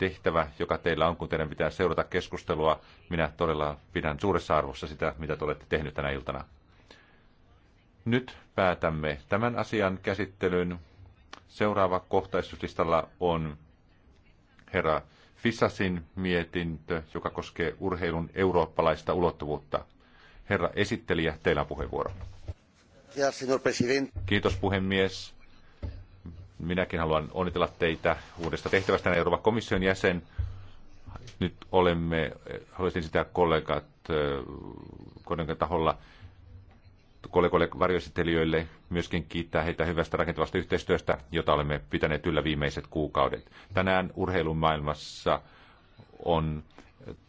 tehtävä, joka teillä on, kun teidän pitää seurata keskustelua. Minä todella pidän suuressa arvossa sitä, mitä te olette tehneet tänä iltana. Nyt päätämme tämän asian käsittelyn. Seuraava kohtaistuslistalla on herra Fissasin mietintö, joka koskee urheilun eurooppalaista ulottuvuutta. Herra esittelijä, teillä on puheenvuoro. Kiitos puhemies. Minäkin haluan onnitella teitä uudesta tehtävästä Euroopan komission jäsen. Nyt olemme, haluaisin sitä kollegat kollegan taholla, kollegoille varjoesittelijöille myöskin kiittää heitä hyvästä rakentavasta yhteistyöstä, jota olemme pitäneet yllä viimeiset kuukaudet. Tänään urheilun maailmassa on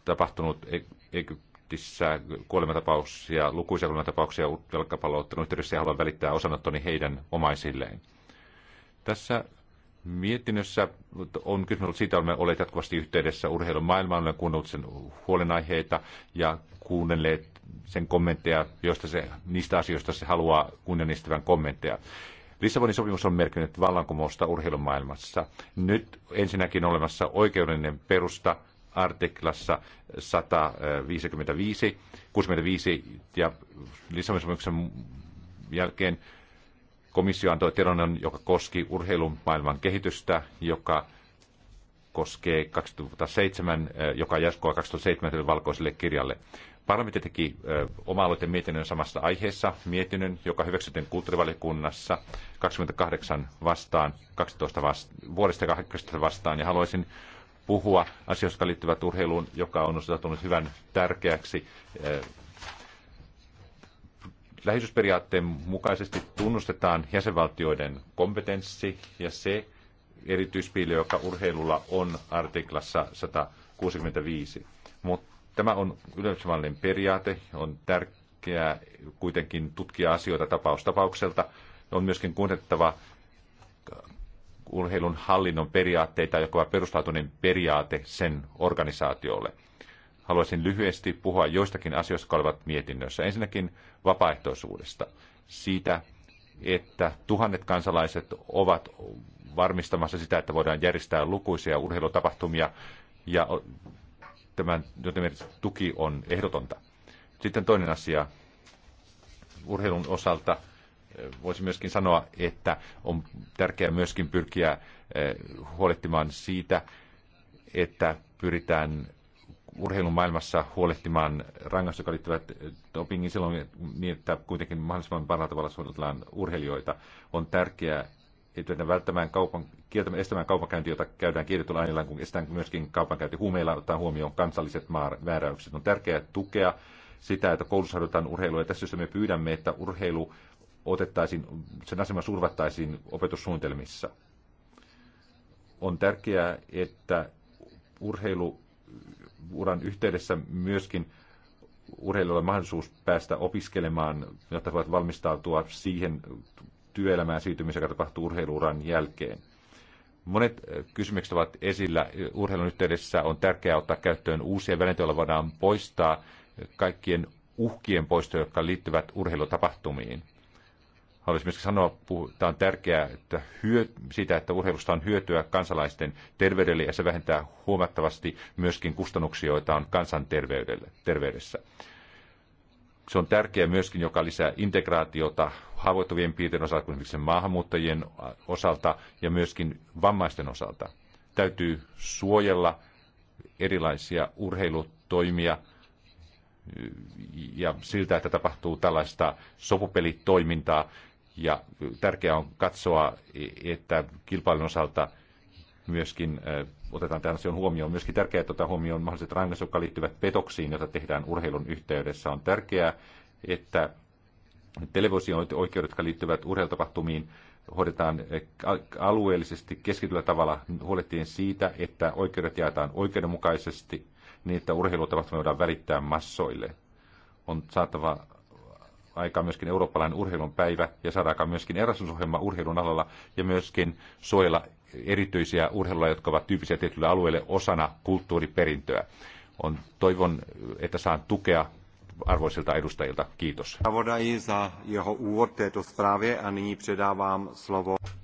tapahtunut e- Egyptissä kuolematapauksia, lukuisia kuolematapauksia jalkapalloottelun yhteydessä ja haluan välittää osanottoni heidän omaisilleen. Tässä mietinnössä on kysymys siitä, että olemme olleet jatkuvasti yhteydessä urheilun maailmaan, olemme kuunnelleet sen huolenaiheita ja kuunnelleet sen kommentteja, joista se, niistä asioista se haluaa kunnianistävän kommentteja. Lissabonin sopimus on merkinnyt vallankumousta urheilumaailmassa. Nyt ensinnäkin olemassa oikeudellinen perusta artiklassa 155, 65 ja Lissabonin sopimuksen jälkeen Komissio antoi tiedonannon, joka koski urheilun maailman kehitystä, joka koskee 2007, eh, joka jatkoa 2007 valkoiselle kirjalle. Parlamentti teki eh, oma mietinnön samassa aiheessa, mietinnön, joka hyväksyttiin kulttuurivaliokunnassa 28 vastaan, 12 vasta, vuodesta 18 vastaan, ja haluaisin puhua asioista, jotka liittyvät urheiluun, joka on osoittautunut hyvän tärkeäksi eh, Läheisyysperiaatteen mukaisesti tunnustetaan jäsenvaltioiden kompetenssi ja se erityispiili, joka urheilulla on artiklassa 165. Mutta tämä on yleisvallinen periaate, on tärkeää kuitenkin tutkia asioita tapaustapaukselta. On myöskin kuunnettava urheilun hallinnon periaatteita, joka on perustautuneen periaate sen organisaatiolle haluaisin lyhyesti puhua joistakin asioista, jotka olivat mietinnössä. Ensinnäkin vapaaehtoisuudesta. Siitä, että tuhannet kansalaiset ovat varmistamassa sitä, että voidaan järjestää lukuisia urheilutapahtumia ja tämän, tuki on ehdotonta. Sitten toinen asia urheilun osalta. Eh, voisi myöskin sanoa, että on tärkeää myöskin pyrkiä eh, huolehtimaan siitä, että pyritään urheilun maailmassa huolehtimaan rangaistukset, jotka liittyvät dopingin silloin niin, että kuitenkin mahdollisimman parhaalla tavalla suunnitellaan urheilijoita. On tärkeää, että välttämään kaupan, kieltämään, estämään kaupankäynti, jota käydään kielletyllä aineella, kun estetään myöskin kaupankäynti huumeilla, ottaa huomioon kansalliset määräykset. On tärkeää tukea sitä, että koulussa harjoitetaan urheilua. Ja tässä me pyydämme, että urheilu otettaisiin, sen asema survattaisiin opetussuunnitelmissa. On tärkeää, että urheilu uran yhteydessä myöskin urheilijoilla mahdollisuus päästä opiskelemaan, jotta voivat valmistautua siihen työelämään siirtymiseen, joka tapahtuu urheiluuran jälkeen. Monet eh, kysymykset ovat esillä. Urheilun yhteydessä on tärkeää ottaa käyttöön uusia välineitä, joilla voidaan poistaa kaikkien uhkien poisto, jotka liittyvät urheilutapahtumiin. Haluaisin myös sanoa, että on tärkeää, että hyö, sitä, että urheilusta on hyötyä kansalaisten terveydelle ja se vähentää huomattavasti myöskin kustannuksia, joita on kansanterveydelle, terveydessä. Se on tärkeää myöskin, joka lisää integraatiota haavoittuvien piirteiden osalta, kuten esimerkiksi maahanmuuttajien osalta ja myöskin vammaisten osalta. Täytyy suojella erilaisia urheilutoimia ja siltä, että tapahtuu tällaista sopupelitoimintaa, ja tärkeää on katsoa, että kilpailun osalta myöskin otetaan tämän asian huomioon. Myöskin tärkeää, että otetaan huomioon mahdolliset rangaistukset, jotka liittyvät petoksiin, joita tehdään urheilun yhteydessä. On tärkeää, että televisio-oikeudet, jotka liittyvät urheilutapahtumiin, hoidetaan alueellisesti keskityllä tavalla huolehtien siitä, että oikeudet jaetaan oikeudenmukaisesti niin, että urheilutapahtumia voidaan välittää massoille. On saatava aikaan myöskin eurooppalainen urheilun päivä ja saada aikaan myöskin erasusohjelma urheilun alalla ja myöskin suojella erityisiä urheiluja, jotka ovat tyyppisiä tietylle alueelle osana kulttuuriperintöä. On, toivon, että saan tukea arvoisilta edustajilta. Kiitos.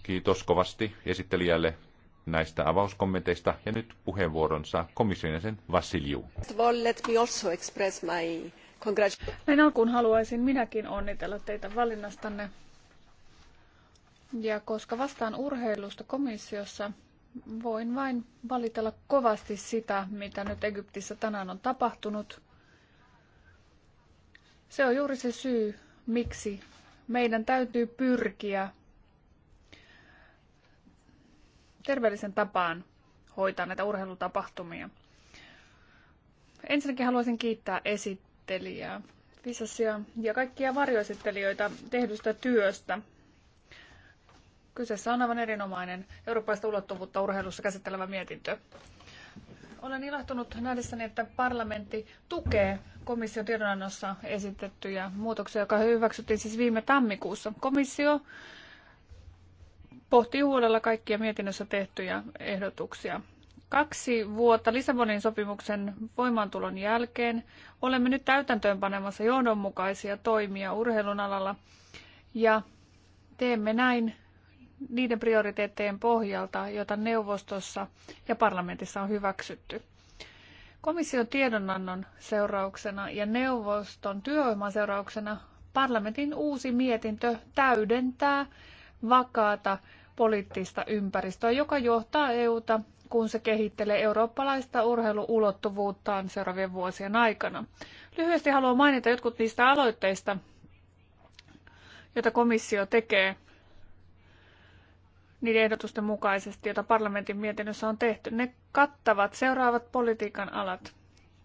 Kiitos kovasti esittelijälle näistä avauskommenteista ja nyt puheenvuoronsa komission jäsen Vassiliu. Näin alkuun haluaisin minäkin onnitella teitä valinnastanne. Ja koska vastaan urheilusta komissiossa, voin vain valitella kovasti sitä, mitä nyt Egyptissä tänään on tapahtunut. Se on juuri se syy, miksi meidän täytyy pyrkiä terveellisen tapaan hoitaa näitä urheilutapahtumia. Ensinnäkin haluaisin kiittää esittää esittelijää, Visasia ja kaikkia varjoesittelijöitä tehdystä työstä. Kyseessä on aivan erinomainen eurooppaista ulottuvuutta urheilussa käsittelevä mietintö. Olen ilahtunut nähdessäni, että parlamentti tukee komission tiedonannossa esitettyjä muutoksia, joka hyväksyttiin siis viime tammikuussa. Komissio pohtii huolella kaikkia mietinnössä tehtyjä ehdotuksia. Kaksi vuotta Lissabonin sopimuksen voimaantulon jälkeen olemme nyt täytäntöönpanemassa johdonmukaisia toimia urheilun alalla ja teemme näin niiden prioriteettien pohjalta, joita neuvostossa ja parlamentissa on hyväksytty. Komission tiedonannon seurauksena ja neuvoston työohjelman seurauksena parlamentin uusi mietintö täydentää vakaata poliittista ympäristöä, joka johtaa EUta kun se kehittelee eurooppalaista urheiluulottuvuuttaan seuraavien vuosien aikana. Lyhyesti haluan mainita jotkut niistä aloitteista, joita komissio tekee niiden ehdotusten mukaisesti, joita parlamentin mietinnössä on tehty. Ne kattavat seuraavat politiikan alat.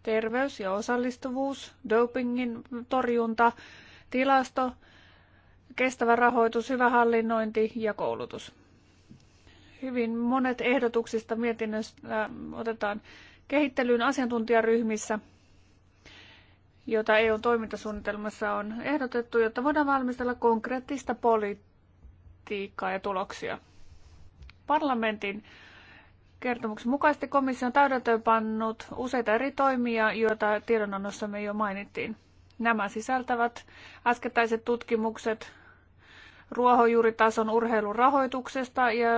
Terveys ja osallistuvuus, dopingin torjunta, tilasto, kestävä rahoitus, hyvä hallinnointi ja koulutus. Hyvin monet ehdotuksista mietinnöstä otetaan kehittelyyn asiantuntijaryhmissä, jota EUn toimintasuunnitelmassa on ehdotettu, jotta voidaan valmistella konkreettista politiikkaa ja tuloksia. Parlamentin kertomuksen mukaisesti komissio on pannut useita eri toimia, joita tiedonannossamme jo mainittiin. Nämä sisältävät äskettäiset tutkimukset, ruohonjuuritason urheilun rahoituksesta ja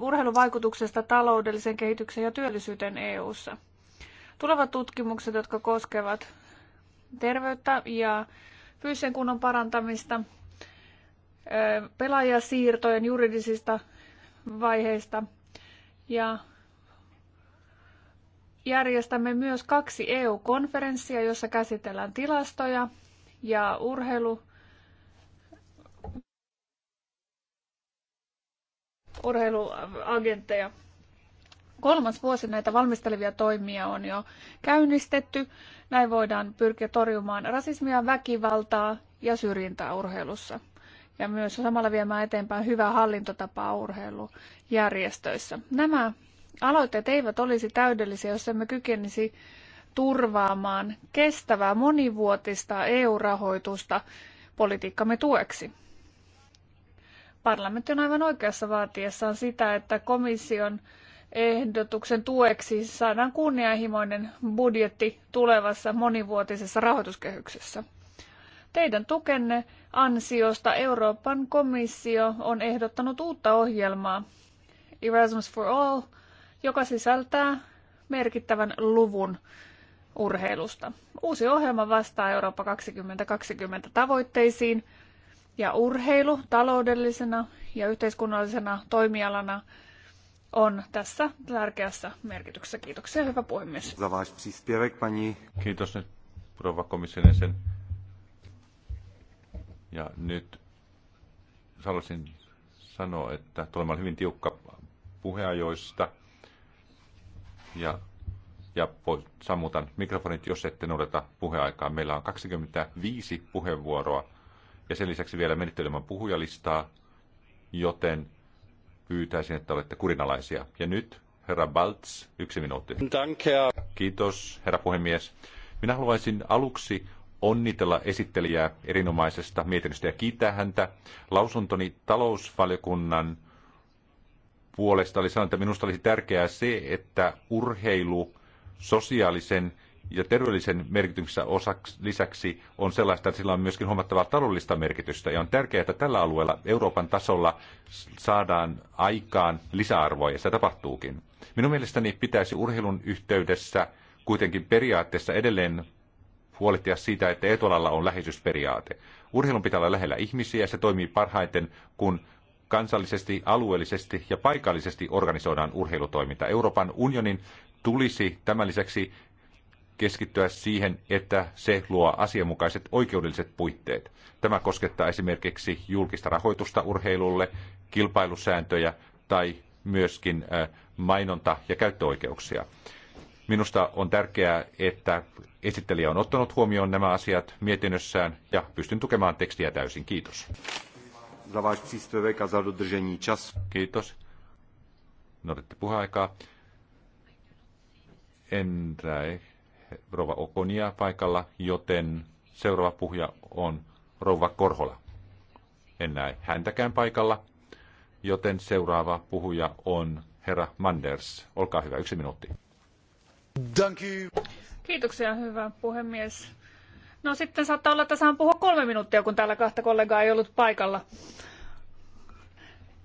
urheiluvaikutuksesta taloudellisen kehitykseen ja työllisyyteen EU-ssa. Tulevat tutkimukset, jotka koskevat terveyttä ja fyysisen kunnon parantamista, pelaajasiirtojen juridisista vaiheista ja järjestämme myös kaksi EU-konferenssia, jossa käsitellään tilastoja ja urheilu urheiluagentteja. Kolmas vuosi näitä valmistelevia toimia on jo käynnistetty. Näin voidaan pyrkiä torjumaan rasismia, väkivaltaa ja syrjintää urheilussa. Ja myös samalla viemään eteenpäin hyvää hallintotapaa urheilujärjestöissä. Nämä aloitteet eivät olisi täydellisiä, jos emme kykenisi turvaamaan kestävää monivuotista EU-rahoitusta politiikkamme tueksi. Parlamentti on aivan oikeassa vaatiessaan sitä, että komission ehdotuksen tueksi saadaan kunnianhimoinen budjetti tulevassa monivuotisessa rahoituskehyksessä. Teidän tukenne ansiosta Euroopan komissio on ehdottanut uutta ohjelmaa Erasmus for All, joka sisältää merkittävän luvun urheilusta. Uusi ohjelma vastaa Eurooppa 2020 tavoitteisiin – ja urheilu taloudellisena ja yhteiskunnallisena toimialana on tässä tärkeässä merkityksessä. Kiitoksia, hyvä puhemies. Kiitos nyt rouva komission jäsen. Ja nyt haluaisin sanoa, että tulemme hyvin tiukka puheajoista ja, ja sammutan mikrofonit, jos ette noudata puheaikaa. Meillä on 25 puheenvuoroa ja sen lisäksi vielä menettelemään puhujalistaa, joten pyytäisin, että olette kurinalaisia. Ja nyt herra Baltz, yksi minuutti. Kiitos, herra puhemies. Minä haluaisin aluksi onnitella esittelijää erinomaisesta mietinnöstä ja kiittää häntä. Lausuntoni talousvaliokunnan puolesta oli sanonut, että minusta olisi tärkeää se, että urheilu sosiaalisen ja terveellisen merkityksensä osaksi, lisäksi on sellaista, että sillä on myöskin huomattavaa taloudellista merkitystä. Ja on tärkeää, että tällä alueella Euroopan tasolla saadaan aikaan lisäarvoa, ja se tapahtuukin. Minun mielestäni pitäisi urheilun yhteydessä kuitenkin periaatteessa edelleen huolehtia siitä, että etualalla on läheisyysperiaate. Urheilun pitää olla lähellä ihmisiä ja se toimii parhaiten, kun kansallisesti, alueellisesti ja paikallisesti organisoidaan urheilutoiminta. Euroopan unionin tulisi tämän lisäksi keskittyä siihen, että se luo asianmukaiset oikeudelliset puitteet. Tämä koskettaa esimerkiksi julkista rahoitusta urheilulle, kilpailusääntöjä tai myöskin mainonta- ja käyttöoikeuksia. Minusta on tärkeää, että esittelijä on ottanut huomioon nämä asiat mietinnössään ja pystyn tukemaan tekstiä täysin. Kiitos. Kiitos. Noudatte puheaikaa. En näe Rova Okonia paikalla, joten seuraava puhuja on Rova Korhola. En näe häntäkään paikalla, joten seuraava puhuja on herra Manders. Olkaa hyvä, yksi minuutti. Thank you. Kiitoksia, hyvä puhemies. No sitten saattaa olla, että saan puhua kolme minuuttia, kun täällä kahta kollegaa ei ollut paikalla.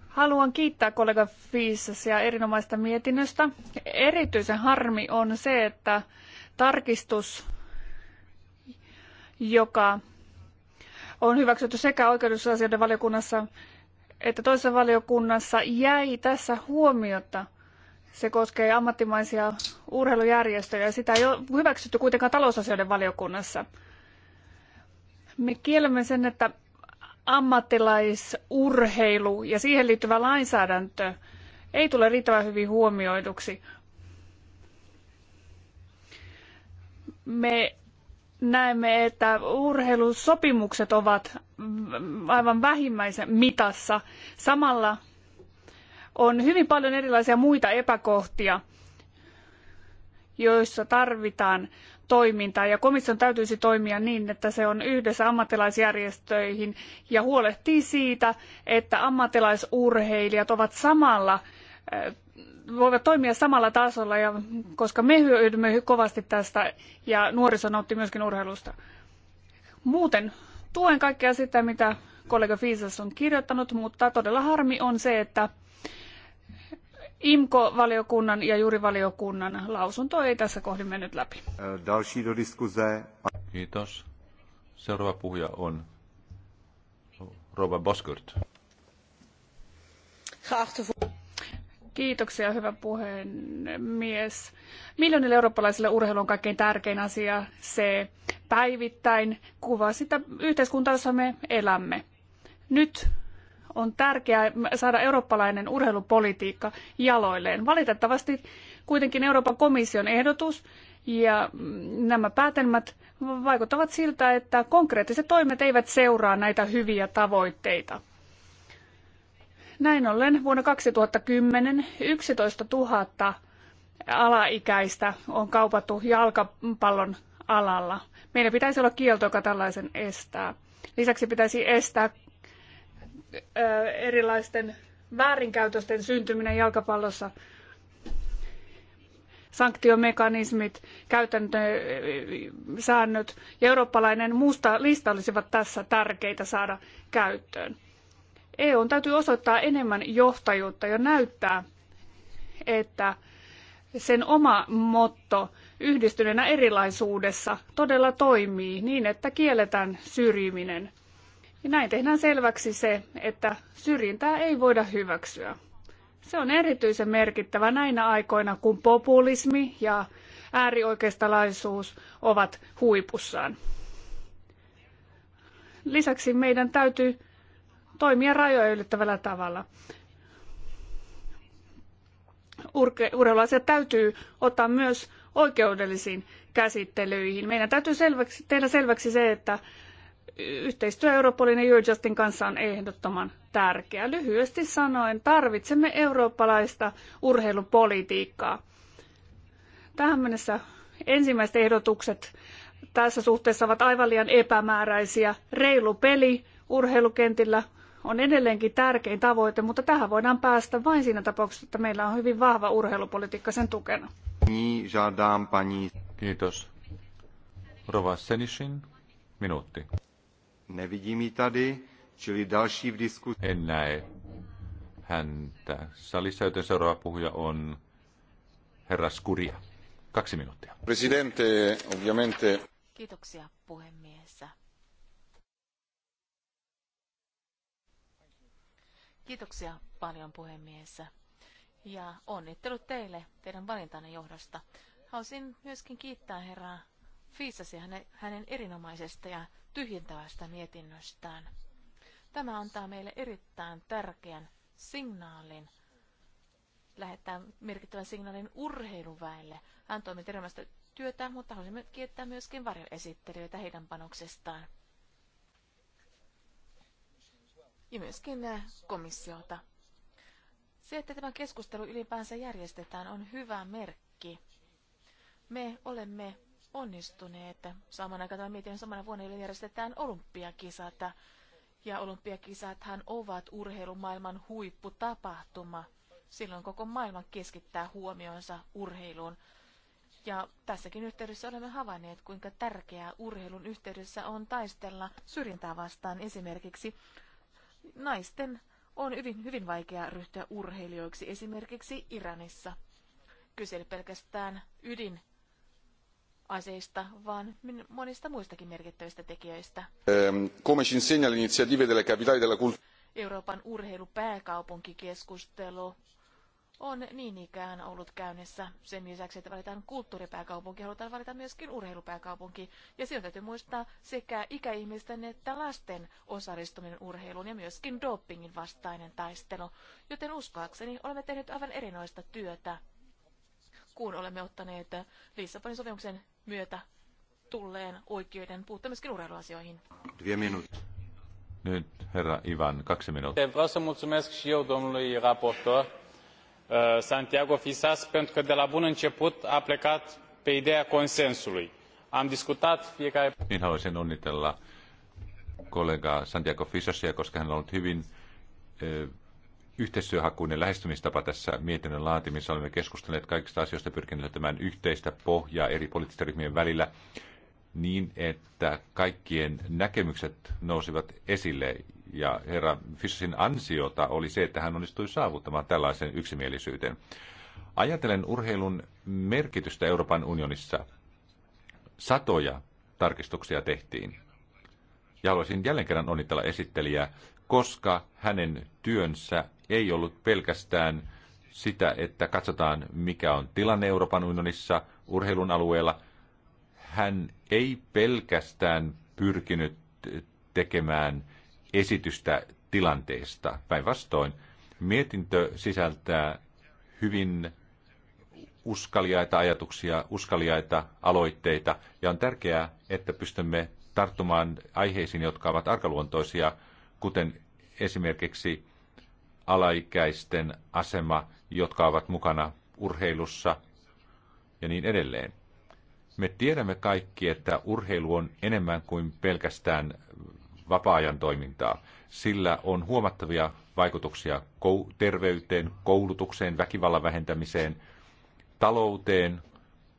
Haluan kiittää kollega Fiisasia erinomaista mietinnöstä. Erityisen harmi on se, että tarkistus, joka on hyväksytty sekä oikeudellisuusasioiden valiokunnassa että toisessa valiokunnassa, jäi tässä huomiota. Se koskee ammattimaisia urheilujärjestöjä. Sitä ei ole hyväksytty kuitenkaan talousasioiden valiokunnassa. Me kiellämme sen, että ammattilaisurheilu ja siihen liittyvä lainsäädäntö ei tule riittävän hyvin huomioiduksi. me näemme, että urheilusopimukset ovat aivan vähimmäisen mitassa. Samalla on hyvin paljon erilaisia muita epäkohtia, joissa tarvitaan toimintaa ja komission täytyisi toimia niin, että se on yhdessä ammattilaisjärjestöihin ja huolehtii siitä, että ammattilaisurheilijat ovat samalla voivat toimia samalla tasolla, ja koska me hyödymme kovasti tästä ja nuoriso nautti myöskin urheilusta. Muuten tuen kaikkea sitä, mitä kollega Fiisas on kirjoittanut, mutta todella harmi on se, että IMKO-valiokunnan ja jurivaliokunnan lausunto ei tässä kohdin mennyt läpi. Äh, Kiitos. Seuraava puhuja on Robert Boskurt. Geachte Kiitoksia, hyvä puhemies. Miljoonille eurooppalaisille urheilu on kaikkein tärkein asia. Se päivittäin kuvaa sitä yhteiskuntaa, jossa me elämme. Nyt on tärkeää saada eurooppalainen urheilupolitiikka jaloilleen. Valitettavasti kuitenkin Euroopan komission ehdotus ja nämä päätelmät vaikuttavat siltä, että konkreettiset toimet eivät seuraa näitä hyviä tavoitteita. Näin ollen vuonna 2010 11 000 alaikäistä on kaupattu jalkapallon alalla. Meidän pitäisi olla kielto, joka tällaisen estää. Lisäksi pitäisi estää erilaisten väärinkäytösten syntyminen jalkapallossa. Sanktiomekanismit, käytäntösäännöt ja eurooppalainen musta lista olisivat tässä tärkeitä saada käyttöön. E on täytyy osoittaa enemmän johtajuutta ja näyttää, että sen oma motto yhdistyneenä erilaisuudessa todella toimii niin, että kielletään syrjiminen. Ja näin tehdään selväksi se, että syrjintää ei voida hyväksyä. Se on erityisen merkittävä näinä aikoina, kun populismi ja äärioikeistalaisuus ovat huipussaan. Lisäksi meidän täytyy toimia rajoja ylittävällä tavalla. Urheiluasiat täytyy ottaa myös oikeudellisiin käsittelyihin. Meidän täytyy selväksi, tehdä selväksi se, että yhteistyö Europolin ja Eurojustin kanssa on ehdottoman tärkeää. Lyhyesti sanoen, tarvitsemme eurooppalaista urheilupolitiikkaa. Tähän mennessä ensimmäiset ehdotukset tässä suhteessa ovat aivan liian epämääräisiä. Reilu peli urheilukentillä on edelleenkin tärkein tavoite, mutta tähän voidaan päästä vain siinä tapauksessa, että meillä on hyvin vahva urheilupolitiikka sen tukena. Kiitos. Rova Senishin, minuutti. Nevidím tady, čili další v diskusi. En näe häntä salissa, joten seuraava puhuja on herra Skuria. Kaksi minuuttia. Presidente, ovviamente... Kiitoksia puhemies. Kiitoksia paljon puhemies. Ja onnittelut teille teidän valintanne johdosta. Haluaisin myöskin kiittää herraa Fiisasi hänen, hänen erinomaisesta ja tyhjentävästä mietinnöstään. Tämä antaa meille erittäin tärkeän signaalin, lähettää merkittävän signaalin urheiluväelle. Hän toimii työtä, mutta haluaisimme kiittää myöskin varjoesittelijöitä heidän panoksestaan ja myöskin eh, komissiolta. Se, että tämä keskustelu ylipäänsä järjestetään, on hyvä merkki. Me olemme onnistuneet. Saman aikaan tämän mietin, samana vuonna järjestetään olympiakisat. Ja olympiakisathan ovat urheilumaailman huipputapahtuma. Silloin koko maailma keskittää huomionsa urheiluun. Ja tässäkin yhteydessä olemme havainneet, kuinka tärkeää urheilun yhteydessä on taistella syrjintää vastaan esimerkiksi naisten on hyvin, hyvin vaikea ryhtyä urheilijoiksi esimerkiksi Iranissa. Kyse ei pelkästään ydin aseista, vaan monista muistakin merkittävistä tekijöistä. Ehm, come ci insegna l'iniziativa della Euroopan urheilupääkaupunkikeskustelu on niin ikään ollut käynnissä sen lisäksi, että valitaan kulttuuripääkaupunki, halutaan valita myöskin urheilupääkaupunki. Ja silloin täytyy muistaa sekä ikäihmisten että lasten osallistuminen urheiluun ja myöskin dopingin vastainen taistelu. Joten uskoakseni olemme tehneet aivan erinoista työtä, kun olemme ottaneet Lissabonin sopimuksen myötä tulleen oikeuden puuttua myöskin urheiluasioihin. minuuttia. Nyt herra Ivan, kaksi minuuttia. Vreau să mulțumesc și eu Uh, santiago fisas pentru că de la bun început a plecat pe ideea consensului. am discutat fiecare... Niin haluaisin onnitella kollega Santiago Fisasia, koska hän on ollut hyvin ö, eh, yhteistyöhakuinen lähestymistapa tässä mietinnön laatimisessa. Olemme keskustelleet kaikista asioista pyrkineet löytämään yhteistä pohjaa eri poliittisten ryhmien välillä niin, että kaikkien näkemykset nousivat esille ja herra Fisherin ansiota oli se, että hän onnistui saavuttamaan tällaisen yksimielisyyden. Ajatellen urheilun merkitystä Euroopan unionissa, satoja tarkistuksia tehtiin. Ja haluaisin jälleen kerran onnitella esittelijää, koska hänen työnsä ei ollut pelkästään sitä, että katsotaan, mikä on tilanne Euroopan unionissa urheilun alueella. Hän ei pelkästään pyrkinyt tekemään esitystä tilanteesta. Päinvastoin mietintö sisältää hyvin uskaliaita ajatuksia, uskaliaita aloitteita, ja on tärkeää, että pystymme tarttumaan aiheisiin, jotka ovat arkaluontoisia, kuten esimerkiksi alaikäisten asema, jotka ovat mukana urheilussa ja niin edelleen. Me tiedämme kaikki, että urheilu on enemmän kuin pelkästään vapaa-ajan toimintaa. Sillä on huomattavia vaikutuksia terveyteen, koulutukseen, väkivallan vähentämiseen, talouteen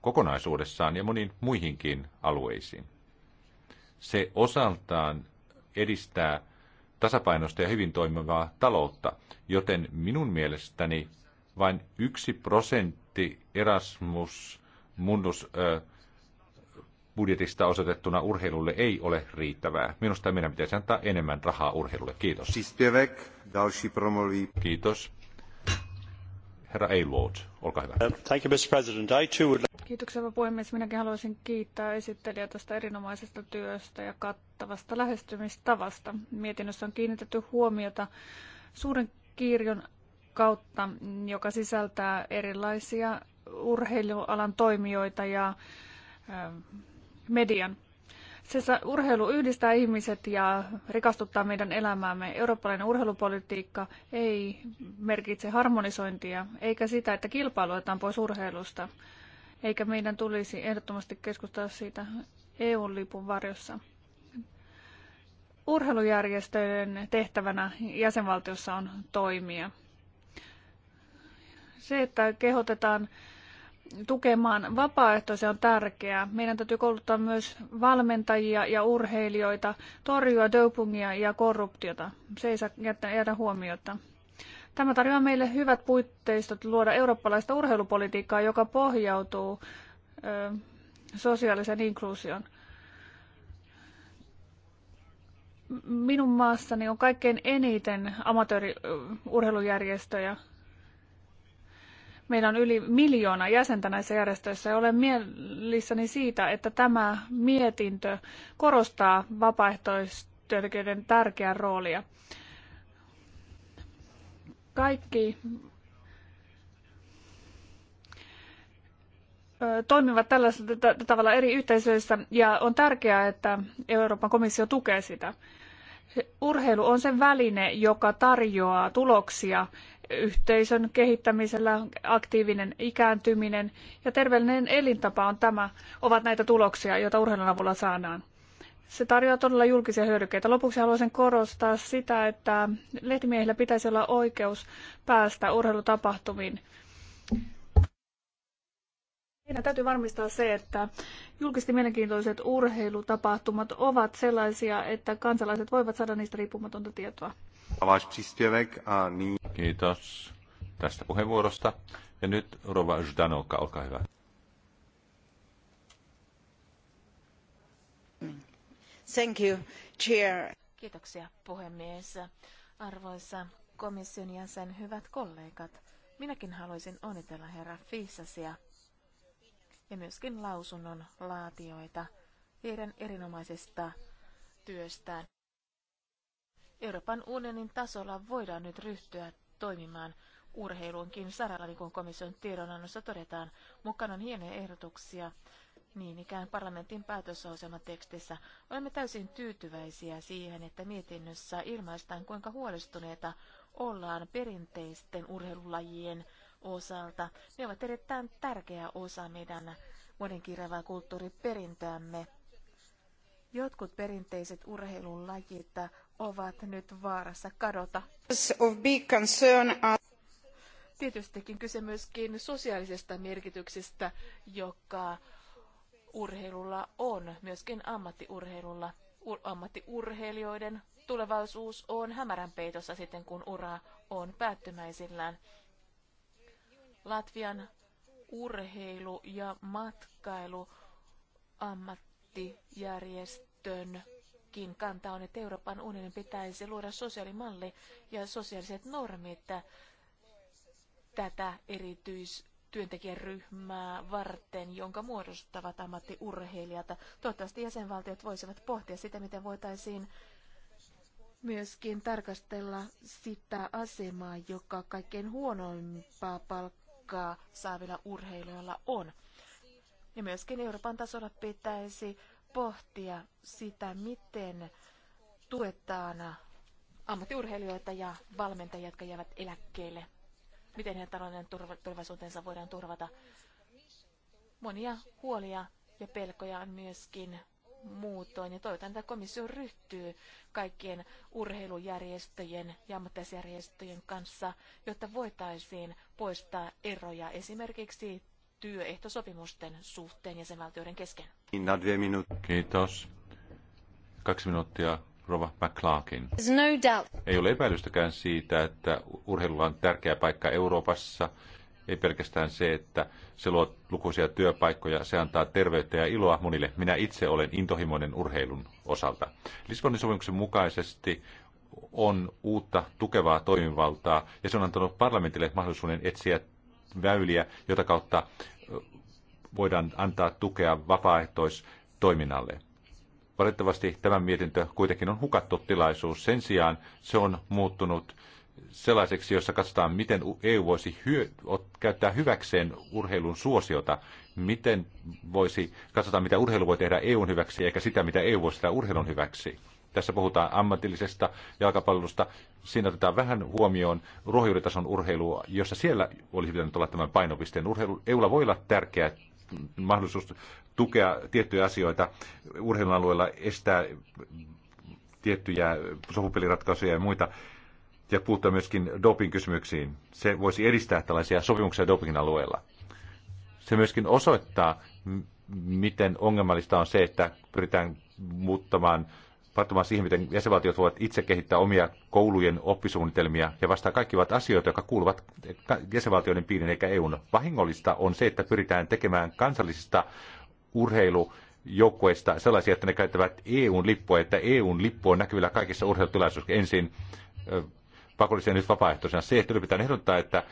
kokonaisuudessaan ja moniin muihinkin alueisiin. Se osaltaan edistää tasapainosta ja hyvin toimivaa taloutta, joten minun mielestäni vain yksi prosentti Erasmus Mundus äh, budjetista osoitettuna urheilulle ei ole riittävää. Minusta meidän pitäisi antaa enemmän rahaa urheilulle. Kiitos. Kiitos. Herra Aylward, olkaa hyvä. Uh, thank you, Mr. President. I too would... Kiitoksia, hyvä puhemies. Minäkin haluaisin kiittää esittelijä tästä erinomaisesta työstä ja kattavasta lähestymistavasta. Mietinnössä on kiinnitetty huomiota suuren kirjon kautta, joka sisältää erilaisia urheilualan toimijoita ja ähm, median. Se urheilu yhdistää ihmiset ja rikastuttaa meidän elämäämme. Eurooppalainen urheilupolitiikka ei merkitse harmonisointia, eikä sitä, että kilpailu pois urheilusta. Eikä meidän tulisi ehdottomasti keskustella siitä EU-lipun varjossa. Urheilujärjestöjen tehtävänä jäsenvaltiossa on toimia. Se, että kehotetaan tukemaan vapaaehtoisia on tärkeää. Meidän täytyy kouluttaa myös valmentajia ja urheilijoita, torjua dopingia ja korruptiota. Se ei saa jäädä huomiota. Tämä tarjoaa meille hyvät puitteistot luoda eurooppalaista urheilupolitiikkaa, joka pohjautuu ö, sosiaalisen inkluusion. Minun maassani on kaikkein eniten amatööriurheilujärjestöjä – Meillä on yli miljoona jäsentä näissä järjestöissä ja olen mielissäni siitä, että tämä mietintö korostaa vapaaehtoistyöntekijöiden tärkeää roolia. Kaikki toimivat tällä tavalla eri yhteisöissä ja on tärkeää, että Euroopan komissio tukee sitä. Urheilu on se väline, joka tarjoaa tuloksia yhteisön kehittämisellä, aktiivinen ikääntyminen ja terveellinen elintapa on tämä, ovat näitä tuloksia, joita urheilun avulla saadaan. Se tarjoaa todella julkisia hyödykkeitä. Lopuksi haluaisin korostaa sitä, että lehtimiehillä pitäisi olla oikeus päästä urheilutapahtumiin. Meidän täytyy varmistaa se, että julkisesti mielenkiintoiset urheilutapahtumat ovat sellaisia, että kansalaiset voivat saada niistä riippumatonta tietoa. Kiitos tästä puheenvuorosta. Ja nyt Rova Ždanoka, olkaa hyvä. Thank you, chair. Kiitoksia puhemies. Arvoisa komission jäsen, hyvät kollegat. Minäkin haluaisin onnitella herra Fiisasia ja myöskin lausunnon laatioita heidän erinomaisesta työstään. Euroopan unionin tasolla voidaan nyt ryhtyä toimimaan urheiluunkin saralla, niin kuin komission tiedonannossa todetaan. Mukana on hienoja ehdotuksia, niin ikään parlamentin päätösosamatekstissä. Olemme täysin tyytyväisiä siihen, että mietinnössä ilmaistaan, kuinka huolestuneita ollaan perinteisten urheilulajien – osalta. Ne ovat erittäin tärkeä osa meidän monenkirjavaa kulttuuriperintöämme. Jotkut perinteiset urheilun lajit ovat nyt vaarassa kadota. Tietystikin kyse myöskin sosiaalisesta merkityksestä, joka urheilulla on, myöskin ammattiurheilulla. U- ammattiurheilijoiden tulevaisuus on hämärän peitossa sitten, kun ura on päättymäisillään. Latvian urheilu- ja matkailuammattijärjestön kanta on, että Euroopan unionin pitäisi luoda sosiaalimalli ja sosiaaliset normit tätä erityistyöntekijäryhmää varten, jonka muodostavat ammattiurheilijat. Toivottavasti jäsenvaltiot voisivat pohtia sitä, miten voitaisiin myöskin tarkastella sitä asemaa, joka kaikkein huonoimpaa palkkaa paikkaa saavilla urheilijoilla on. Ja myöskin Euroopan tasolla pitäisi pohtia sitä, miten tuetaan ammattiurheilijoita ja valmentajia, jotka jäävät eläkkeelle. Miten heidän talouden turvallisuutensa voidaan turvata. Monia huolia ja pelkoja on myöskin muutoin. Ja toivotan, että komissio ryhtyy kaikkien urheilujärjestöjen ja ammattisjärjestöjen kanssa, jotta voitaisiin poistaa eroja esimerkiksi työehtosopimusten suhteen jäsenvaltioiden kesken. Kiitos. Kaksi minuuttia Rova McClarkin. No doubt. Ei ole epäilystäkään siitä, että urheilulla on tärkeä paikka Euroopassa – ei pelkästään se, että se luo lukuisia työpaikkoja, se antaa terveyttä ja iloa monille. Minä itse olen intohimoinen urheilun osalta. Lisbonin sopimuksen mukaisesti on uutta tukevaa toimivaltaa ja se on antanut parlamentille mahdollisuuden etsiä väyliä, jota kautta voidaan antaa tukea vapaaehtoistoiminnalle. Valitettavasti tämä mietintö kuitenkin on hukattu tilaisuus. Sen sijaan se on muuttunut sellaiseksi, jossa katsotaan, miten EU e voisi hyö, käyttää hyväkseen urheilun suosiota, miten voisi, katsotaan, mitä urheilu voi tehdä EUn hyväksi, eikä sitä, mitä EU voisi tehdä urheilun hyväksi. Tässä puhutaan ammatillisesta jalkapallosta. Siinä otetaan vähän huomioon ruohonjuuritason urheilua, jossa siellä olisi pitänyt olla tämän painopisteen urheilu. EUlla voi olla tärkeä mahdollisuus tukea tiettyjä asioita urheilun alueella, estää tiettyjä sopupeliratkaisuja ja muita ja puuttua myöskin doping-kysymyksiin. Se voisi edistää tällaisia sopimuksia dopingin alueella. Se myöskin osoittaa, miten ongelmallista on se, että pyritään muuttamaan varttumaan siihen, miten jäsenvaltiot voivat itse kehittää omia koulujen oppisuunnitelmia ja vastaa kaikki ovat asioita, jotka kuuluvat jäsenvaltioiden piirin eikä EUn. Vahingollista on se, että pyritään tekemään kansallisista urheilujoukkueista sellaisia, että ne käyttävät EUn lippua, että EUn lippu on näkyvillä kaikissa urheilutilaisuuksissa ensin pakollisia nyt vapaaehtoisena. Se, että pitää ehdottaa, että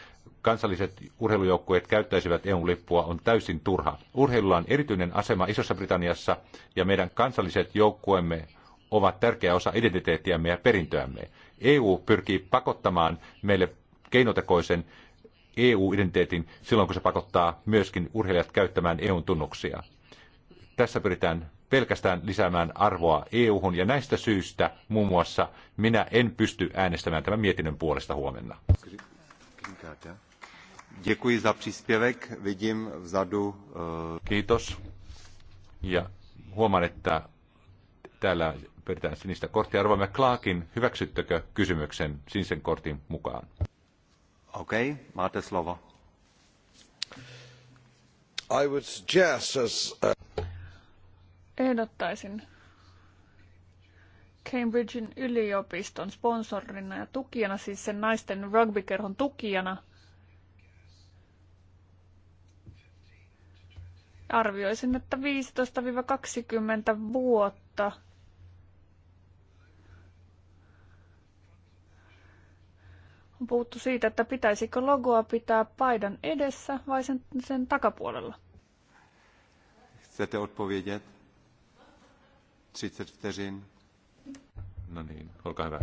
kansalliset urheilujoukkueet käyttäisivät EU-lippua, on täysin turha. Urheilulla on erityinen asema Isossa Britanniassa ja meidän kansalliset joukkueemme ovat tärkeä osa identiteettiämme ja perintöämme. EU pyrkii pakottamaan meille keinotekoisen EU-identiteetin silloin, kun se pakottaa myöskin urheilijat käyttämään eu tunnuksia. Tässä pyritään pelkästään lisäämään arvoa EU-hun, ja näistä syistä muun muassa minä en pysty äänestämään tämän mietinnön puolesta huomenna. Děkuji za příspěvek, vidím eh, Kiitos. Ja huomaan, että täällä pyritään sinistä korttia. Arvoimme Klaakin, hyväksyttekö kysymyksen sinisen kortin mukaan? Okei, okay, máte slovo. I would suggest as, uh, ehdottaisin Cambridgein yliopiston sponsorina ja tukijana, siis sen naisten rugbykerhon tukijana, arvioisin, että 15-20 vuotta on puhuttu siitä, että pitäisikö logoa pitää paidan edessä vai sen, sen takapuolella. Chcete odpovědět? 30 vteřin. No niin, olkaa hyvä.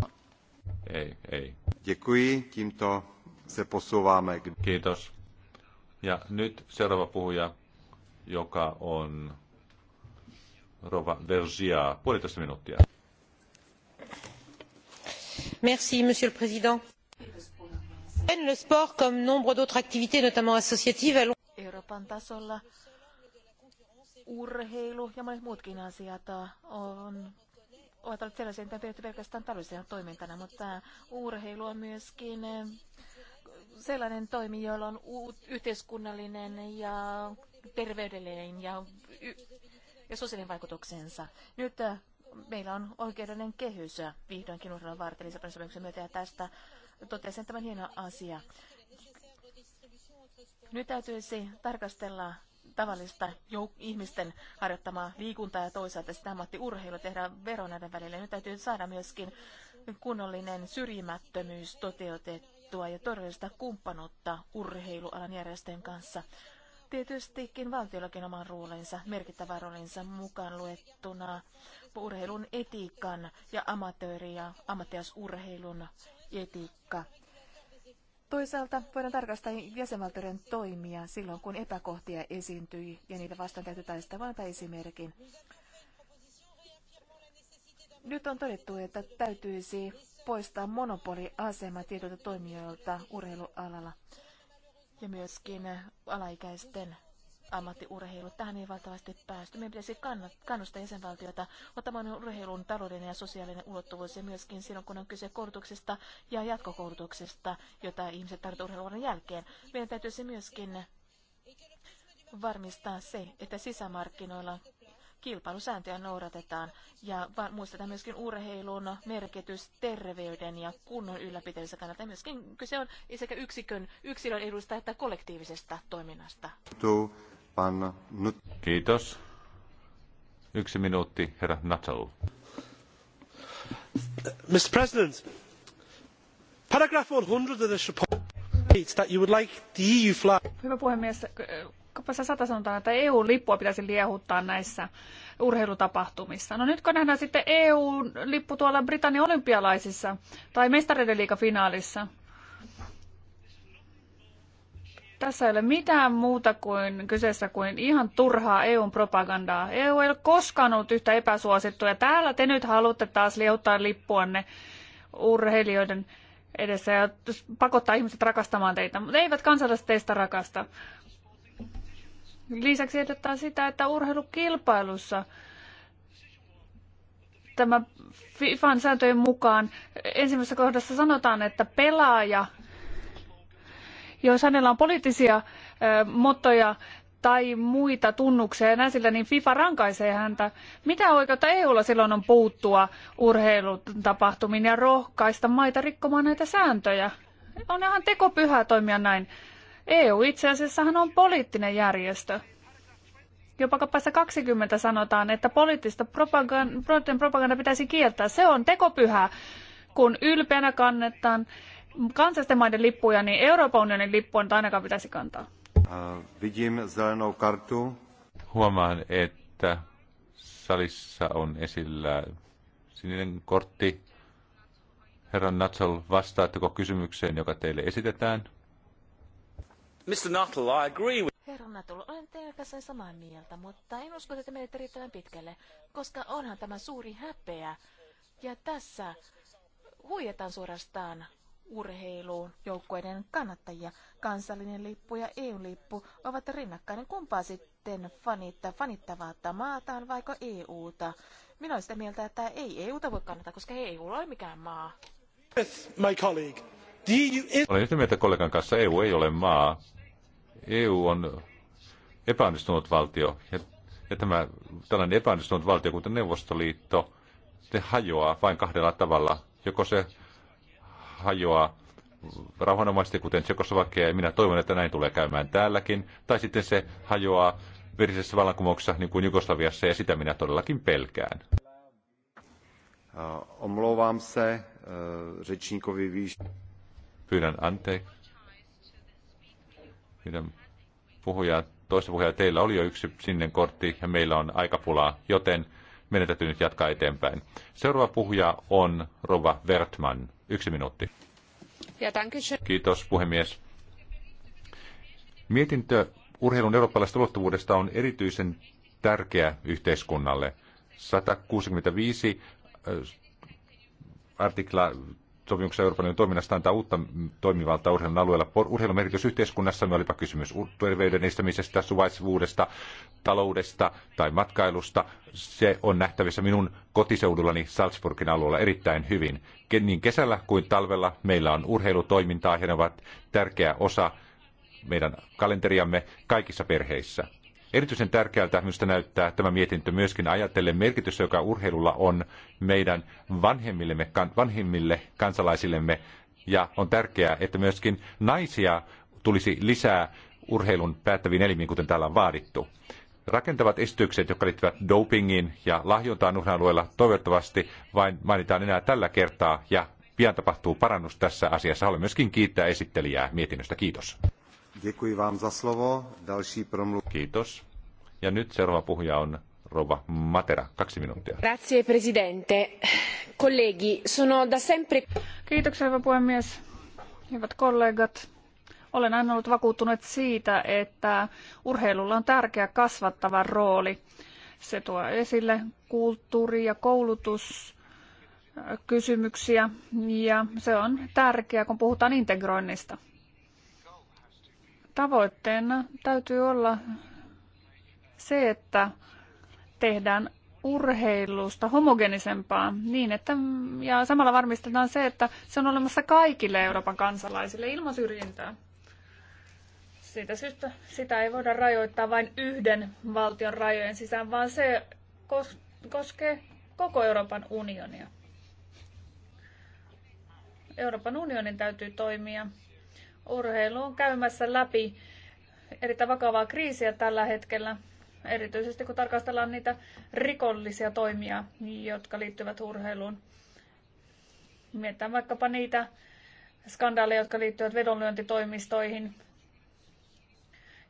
Ei, ei. Děkuji, tímto se posouváme. Kiitos. Ja nyt seuraava puhuja, joka on Rova Vergia, puolitoista minuuttia. Merci, monsieur le président. Le sport, comme nombre d'autres activités, notamment associatives, Euroopan tasolla urheilu ja monet muutkin asiat on, ovat olleet sellaisia, mitä on tehty pelkästään taloudellisena toimintana, mutta urheilu on myöskin eh, sellainen toimi, jolla on yhteiskunnallinen ja terveydellinen ja, ja sosiaalinen vaikutuksensa. Nyt eh, meillä on oikeudellinen kehys eh, vihdoinkin urheilun varten lisäpäiväsopimuksen myötä ja tästä totesin tämän hieno asia. Nyt täytyisi tarkastella tavallista jouk- ihmisten harjoittamaa liikuntaa ja toisaalta sitä ammattiurheilua tehdään vero näiden välillä. Nyt täytyy saada myöskin kunnollinen syrjimättömyys toteutettua ja todellista kumppanuutta urheilualan järjestöjen kanssa. Tietystikin valtiollakin oman roolinsa, merkittävä roolinsa mukaan luettuna urheilun etiikan ja amatööri- ja ammattilaisurheilun etiikka Toisaalta voidaan tarkastaa jäsenvaltioiden toimia silloin, kun epäkohtia esiintyi ja niitä vastaan täytyy taistaa antaa esimerkin. Nyt on todettu, että täytyisi poistaa monopoliasema tietyiltä toimijoilta urheilualalla ja myöskin alaikäisten ammattiurheilu. Tähän ei valtavasti päästy. Meidän pitäisi kannustaa jäsenvaltioita ottamaan urheilun taloudellinen ja sosiaalinen ulottuvuus ja myöskin silloin, kun on kyse koulutuksesta ja jatkokoulutuksesta, jota ihmiset tarvitsevat urheiluvuoden jälkeen. Meidän täytyisi myöskin varmistaa se, että sisämarkkinoilla kilpailusääntöjä noudatetaan ja muistetaan myöskin urheilun merkitys terveyden ja kunnon ylläpitämisen kannalta. Myöskin kyse on sekä yksikön, yksilön edusta että kollektiivisesta toiminnasta. Pan Nut. Kiitos. Yksi minuutti, herra Nuttall. Mr. President, paragraph 100 of this report states that you would like the EU flag. Hyvä puhemies, kappassa sata sanotaan, että EU-lippua pitäisi liehuttaa näissä urheilutapahtumissa. No nyt kun nähdään sitten EU-lippu tuolla Britannian olympialaisissa tai mestareiden liigafinaalissa, tässä ei ole mitään muuta kuin kyseessä kuin ihan turhaa EUn propagandaa. EU ei ole koskaan ollut yhtä epäsuosittu ja täällä te nyt haluatte taas liuttaa lippuanne urheilijoiden edessä ja pakottaa ihmiset rakastamaan teitä, mutta eivät kansalaiset teistä rakasta. Lisäksi ehdottaa sitä, että urheilukilpailussa tämä FIFAn sääntöjen mukaan ensimmäisessä kohdassa sanotaan, että pelaaja jos hänellä on poliittisia mottoja tai muita tunnuksia ja näin niin FIFA rankaisee häntä. Mitä oikeutta EUlla silloin on puuttua urheilutapahtumiin ja rohkaista maita rikkomaan näitä sääntöjä? On ihan tekopyhää toimia näin. EU itse asiassahan on poliittinen järjestö. Jopa kappassa 20 sanotaan, että poliittista propaganda, propaganda pitäisi kieltää. Se on tekopyhää, kun ylpeänä kannetaan kansallisten maiden lippuja, niin Euroopan unionin lippua nyt ainakaan pitäisi kantaa. Uh, vidim zelenou kartu. Huomaan, että salissa on esillä sininen kortti. Herra Nuttall, vastaatteko kysymykseen, joka teille esitetään? Mr. Nuttall, I agree with... Herra Nuttall, olen teidän kanssa samaa mieltä, mutta en usko, että menette riittävän pitkälle, koska onhan tämä suuri häpeä. Ja tässä huijataan suorastaan Joukkueiden kannattajia. Kansallinen lippu ja EU-lippu ovat rinnakkainen. Kumpaa sitten fanitta, fanittavaa maataan vaiko EUta? Minä olen sitä mieltä, että ei EUta voi kannattaa, koska e ei EU ole mikään maa. My colleague. EU... Olen yhtä mieltä kollegan kanssa, EU ei ole maa. EU on epäonnistunut valtio ja, ja tämä tällainen epäonnistunut valtio, kuten Neuvostoliitto, se hajoaa vain kahdella tavalla. Joko se hajoaa rauhanomaisesti, kuten Tsekoslovakia, ja minä toivon, että näin tulee käymään täälläkin, tai sitten se hajoaa verisessä vallankumouksessa, niin kuin Jugoslaviassa, ja sitä minä todellakin pelkään. Uh, omlouvám se uh, řečníkovi výš. Pyydän anteeksi. Pyydän puhujaa, toista puhujaa. Teillä oli jo yksi sinne kortti ja meillä on aikapulaa, joten meidän täytyy nyt jatkaa eteenpäin. Seuraava puhuja on Rova Wertmann. Yksi minuutti. Kiitos puhemies. Mietintö urheilun eurooppalaisesta ulottuvuudesta on erityisen tärkeä yhteiskunnalle. 165 äh, artikla sopimuksella Euroopan unionin toiminnasta antaa uutta toimivalta urheilun alueella. Urheilun merkitys yhteiskunnassa, me olipa kysymys terveyden edistämisestä, suvaitsevuudesta, taloudesta tai matkailusta, se on nähtävissä minun kotiseudullani Salzburgin alueella erittäin hyvin. Niin kesällä kuin talvella meillä on urheilutoimintaa ja ne ovat tärkeä osa meidän kalenteriamme kaikissa perheissä. Erityisen tärkeältä minusta näyttää tämä mietintö myöskin ajatellen merkitys, joka urheilulla on meidän vanhemmillemme, vanhemmille kansalaisillemme. Ja on tärkeää, että myöskin naisia tulisi lisää urheilun päättäviin elimiin, kuten täällä on vaadittu. Rakentavat esitykset, jotka liittyvät dopingiin ja lahjontaan uhna-alueella, toivottavasti vain mainitaan enää tällä kertaa ja pian tapahtuu parannus tässä asiassa. Haluan myöskin kiittää esittelijää mietinnöstä. Kiitos. Děkuji vám za slovo. Další promlu... Kiitos. Ja nyt seuraava puhuja on rouva Matera. Kaksi minuuttia. Grazie, presidente. Kollegi, sono da sempre... Kiitoksia, hyvä puhemies. Hyvät kollegat, olen aina ollut vakuuttunut siitä, että urheilulla on tärkeä kasvattava rooli. Se tuo esille kulttuuri- ja koulutuskysymyksiä ja se on tärkeää, kun puhutaan integroinnista. Tavoitteena täytyy olla se, että tehdään urheilusta homogenisempaa niin, että, ja samalla varmistetaan se, että se on olemassa kaikille Euroopan kansalaisille ilman syrjintää. Siitä syystä sitä ei voida rajoittaa vain yhden valtion rajojen sisään, vaan se kos- koskee koko Euroopan unionia. Euroopan unionin täytyy toimia urheilu on käymässä läpi erittäin vakavaa kriisiä tällä hetkellä, erityisesti kun tarkastellaan niitä rikollisia toimia, jotka liittyvät urheiluun. Mietitään vaikkapa niitä skandaaleja, jotka liittyvät vedonlyöntitoimistoihin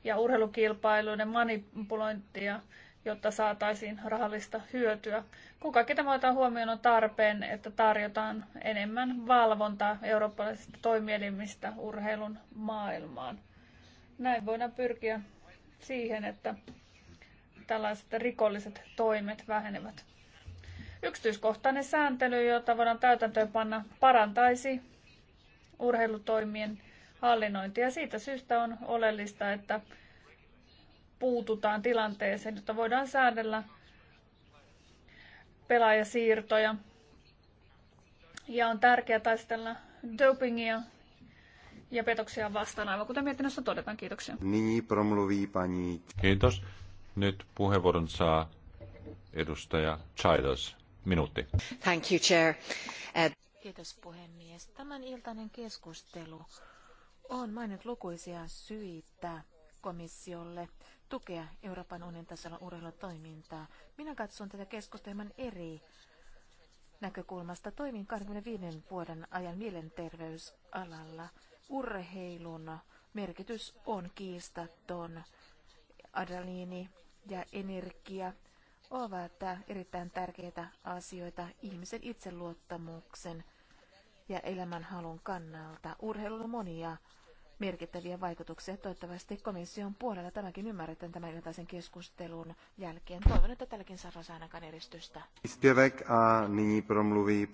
ja urheilukilpailuiden manipulointia jotta saataisiin rahallista hyötyä. Kun kaikki tämä otetaan huomioon, on tarpeen, että tarjotaan enemmän valvontaa eurooppalaisista toimielimistä urheilun maailmaan. Näin voidaan pyrkiä siihen, että tällaiset rikolliset toimet vähenevät. Yksityiskohtainen sääntely, jota voidaan täytäntöönpanna, parantaisi urheilutoimien hallinnointia. Siitä syystä on oleellista, että puututaan tilanteeseen, jotta voidaan säädellä pelaajasiirtoja. Ja on tärkeää taistella dopingia ja petoksia vastaan, aivan kuten mietinnössä todetaan. Kiitoksia. Nini promluvi pani. Kiitos. Nyt puheenvuoron saa edustaja Childs. Minuutti. Thank you, Chair. Uh, Kiitos puhemies. Tämän iltainen keskustelu on maininnut lukuisia syitä komissiolle tukea Euroopan unionin tasolla urheilutoimintaa. Minä katson tätä keskustelman eri näkökulmasta. Toimin 25 vuoden ajan mielenterveysalalla. Urheilun merkitys on kiistaton. Adaliini ja energia ovat erittäin tärkeitä asioita ihmisen itseluottamuksen ja elämänhalun kannalta. Urheilulla on monia merkittäviä vaikutuksia. Toivottavasti komission puolella tämäkin ymmärretään tämän iltaisen keskustelun jälkeen. Toivon, että tälläkin saralla ainakaan edistystä.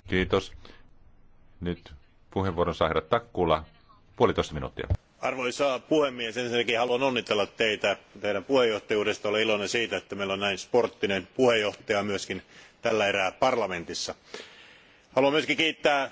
Kiitos. Nyt puheenvuoron saa herra Takkula. Puolitoista minuuttia. Arvoisa puhemies, ensinnäkin haluan onnitella teitä teidän puheenjohtajuudesta. Olen iloinen siitä, että meillä on näin sporttinen puheenjohtaja myöskin tällä erää parlamentissa. Haluan myöskin kiittää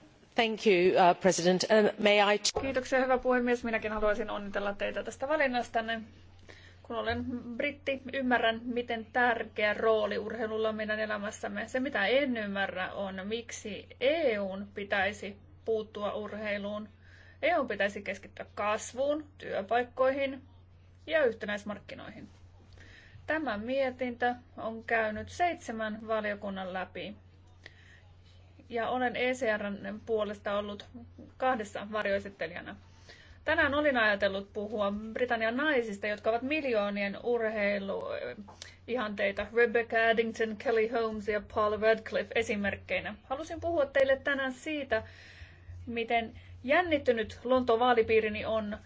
Uh, um, Kiitoksia, president. hyvä puhemies. Minäkin haluaisin onnitella teitä tästä valinnastanne. Kun olen britti, ymmärrän, miten tärkeä rooli urheilulla on meidän elämässämme. Se, mitä en ymmärrä, on, miksi n pitäisi puuttua urheiluun. n pitäisi keskittyä kasvuun, työpaikkoihin ja yhtenäismarkkinoihin. Tämä mietintö on käynyt seitsemän valiokunnan läpi ja olen ECRn puolesta ollut kahdessa varjoesittelijänä. Tänään olin ajatellut puhua Britannian naisista, jotka ovat miljoonien urheiluihanteita, Rebecca Addington, Kelly Holmes ja Paul Radcliffe esimerkkeinä. Halusin puhua teille tänään siitä, miten jännittynyt Lontoon vaalipiirini on,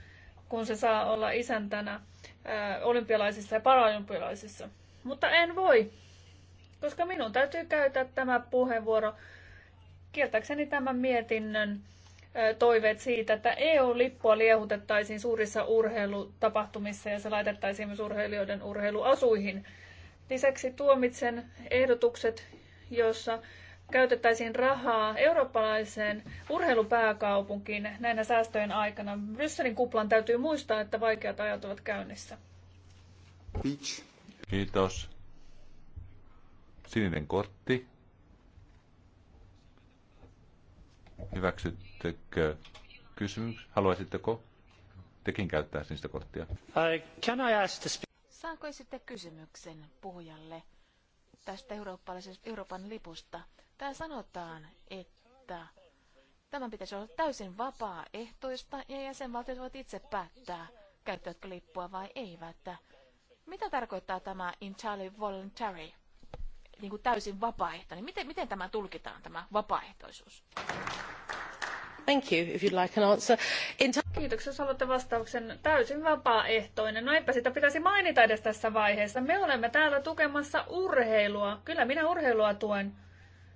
kun se saa olla isäntänä äh, olympialaisissa ja paralympialaisissa. Mutta en voi, koska minun täytyy käyttää tämä puheenvuoro kieltääkseni tämän mietinnön toiveet siitä, että EU-lippua liehutettaisiin suurissa urheilutapahtumissa ja se laitettaisiin myös urheilijoiden urheiluasuihin. Lisäksi tuomitsen ehdotukset, joissa käytettäisiin rahaa eurooppalaiseen urheilupääkaupunkiin näinä säästöjen aikana. Brysselin kuplan täytyy muistaa, että vaikeat ajat ovat käynnissä. Beach. Kiitos. Sininen kortti. Hyväksyttekö kysymys? Haluaisitteko tekin käyttää sinistä korttia? Uh, can I ask Saanko sitten kysymyksen puhujalle tästä eurooppalaisesta Euroopan lipusta? Tää sanotaan, että tämän pitäisi olla täysin vapaaehtoista ja jäsenvaltiot voivat itse päättää, käyttävätkö lippua vai eivät. Mitä tarkoittaa tämä entirely voluntary? Niin kuin täysin vapaaehtoinen. Miten, miten tämä tulkitaan, tämä vapaaehtoisuus? Thank you, if you'd like an answer. In Kiitoksia, jos haluatte vastauksen. Täysin vapaaehtoinen. No eipä sitä pitäisi mainita edes tässä vaiheessa. Me olemme täällä tukemassa urheilua. Kyllä minä urheilua tuen.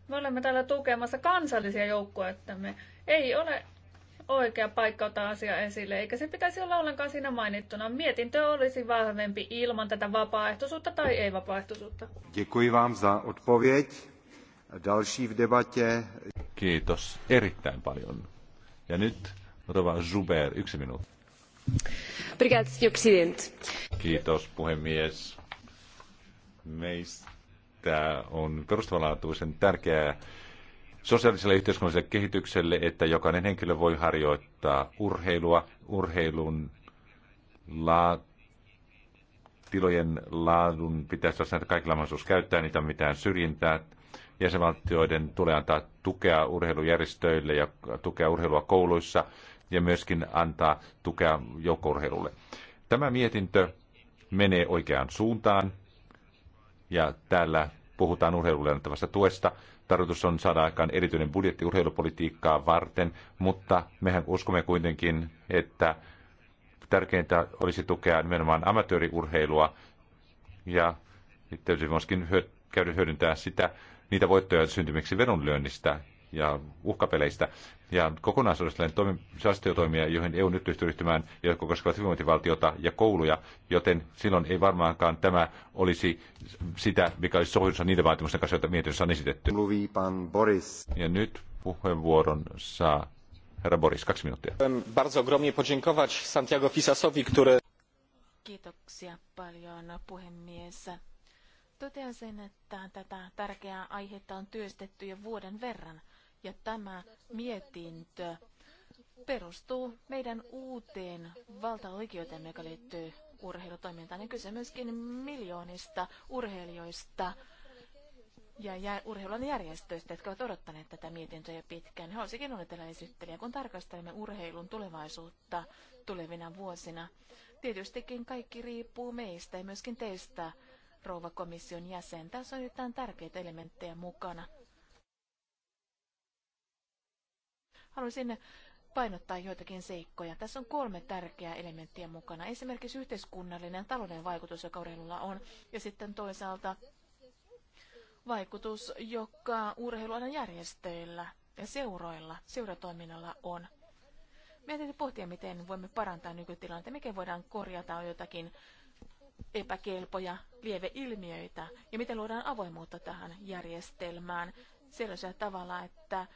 Me olemme täällä tukemassa kansallisia me Ei ole oikea paikka ottaa asia esille, eikä se pitäisi olla ollenkaan siinä mainittuna. Mietintö olisi vahvempi ilman tätä vapaaehtoisuutta tai ei-vapaaehtoisuutta. Děkuji vám za odpověď. Další v debatě. Kiitos erittäin paljon. Ja nyt Rova Zuber, yksi minuutti. Kiitos puhemies. Meistä on perustavanlaatuisen tärkeää sosiaaliselle yhteiskunnalliselle kehitykselle, että jokainen henkilö voi harjoittaa urheilua, urheilun laa, tilojen laadun pitäisi olla että kaikilla mahdollisuus käyttää niitä mitään syrjintää. Jäsenvaltioiden tulee antaa tukea urheilujärjestöille ja tukea urheilua kouluissa ja myöskin antaa tukea joukkourheilulle. Tämä mietintö menee oikeaan suuntaan ja täällä puhutaan urheilulle annettavasta tuesta. Tarkoitus on saada aikaan erityinen budjetti urheilupolitiikkaa varten, mutta mehän uskomme kuitenkin, että tärkeintä olisi tukea nimenomaan amatööriurheilua ja sitten myöskin hyö, käydä hyödyntää sitä niitä voittoja syntymiksi vedonlyönnistä ja uhkapeleistä. Ja kokonaisuudessaan toimi, sellaisia toimia, joihin EU nyt pystyy ryhtymään, jotka koskevat hyvinvointivaltiota ja kouluja, joten silloin ei varmaankaan tämä olisi sitä, mikä olisi sovinnossa niiden vaatimusten kanssa, joita mietinnössä on esitetty. Pan Boris. Ja nyt puheenvuoron saa herra Boris, kaksi minuuttia. Bardzo ogromnie podziękować Santiago Fisasowi, który... Kiitoksia paljon puhemies. Totean sen, että tätä tärkeää aihetta on työstetty jo vuoden verran, ja tämä mietintö perustuu meidän uuteen valtaoikeuteen, joka liittyy urheilutoimintaan. Ja kyse myöskin miljoonista urheilijoista ja urheilun järjestöistä, jotka ovat odottaneet tätä mietintöä jo pitkään. Haluaisinkin onnitella esittelijä, kun tarkastelemme urheilun tulevaisuutta tulevina vuosina. Tietystikin kaikki riippuu meistä ja myöskin teistä rouva komission jäsen. Tässä on jotain tärkeitä elementtejä mukana. Haluaisin painottaa joitakin seikkoja. Tässä on kolme tärkeää elementtiä mukana. Esimerkiksi yhteiskunnallinen talouden vaikutus, joka urheilulla on, ja sitten toisaalta vaikutus, joka urheilualan järjestöillä ja seuroilla, seuratoiminnalla on. Meidän täytyy pohtia, miten voimme parantaa nykytilannetta, miten voidaan korjata jotakin epäkelpoja lieveilmiöitä ja miten luodaan avoimuutta tähän järjestelmään sellaisella tavalla, että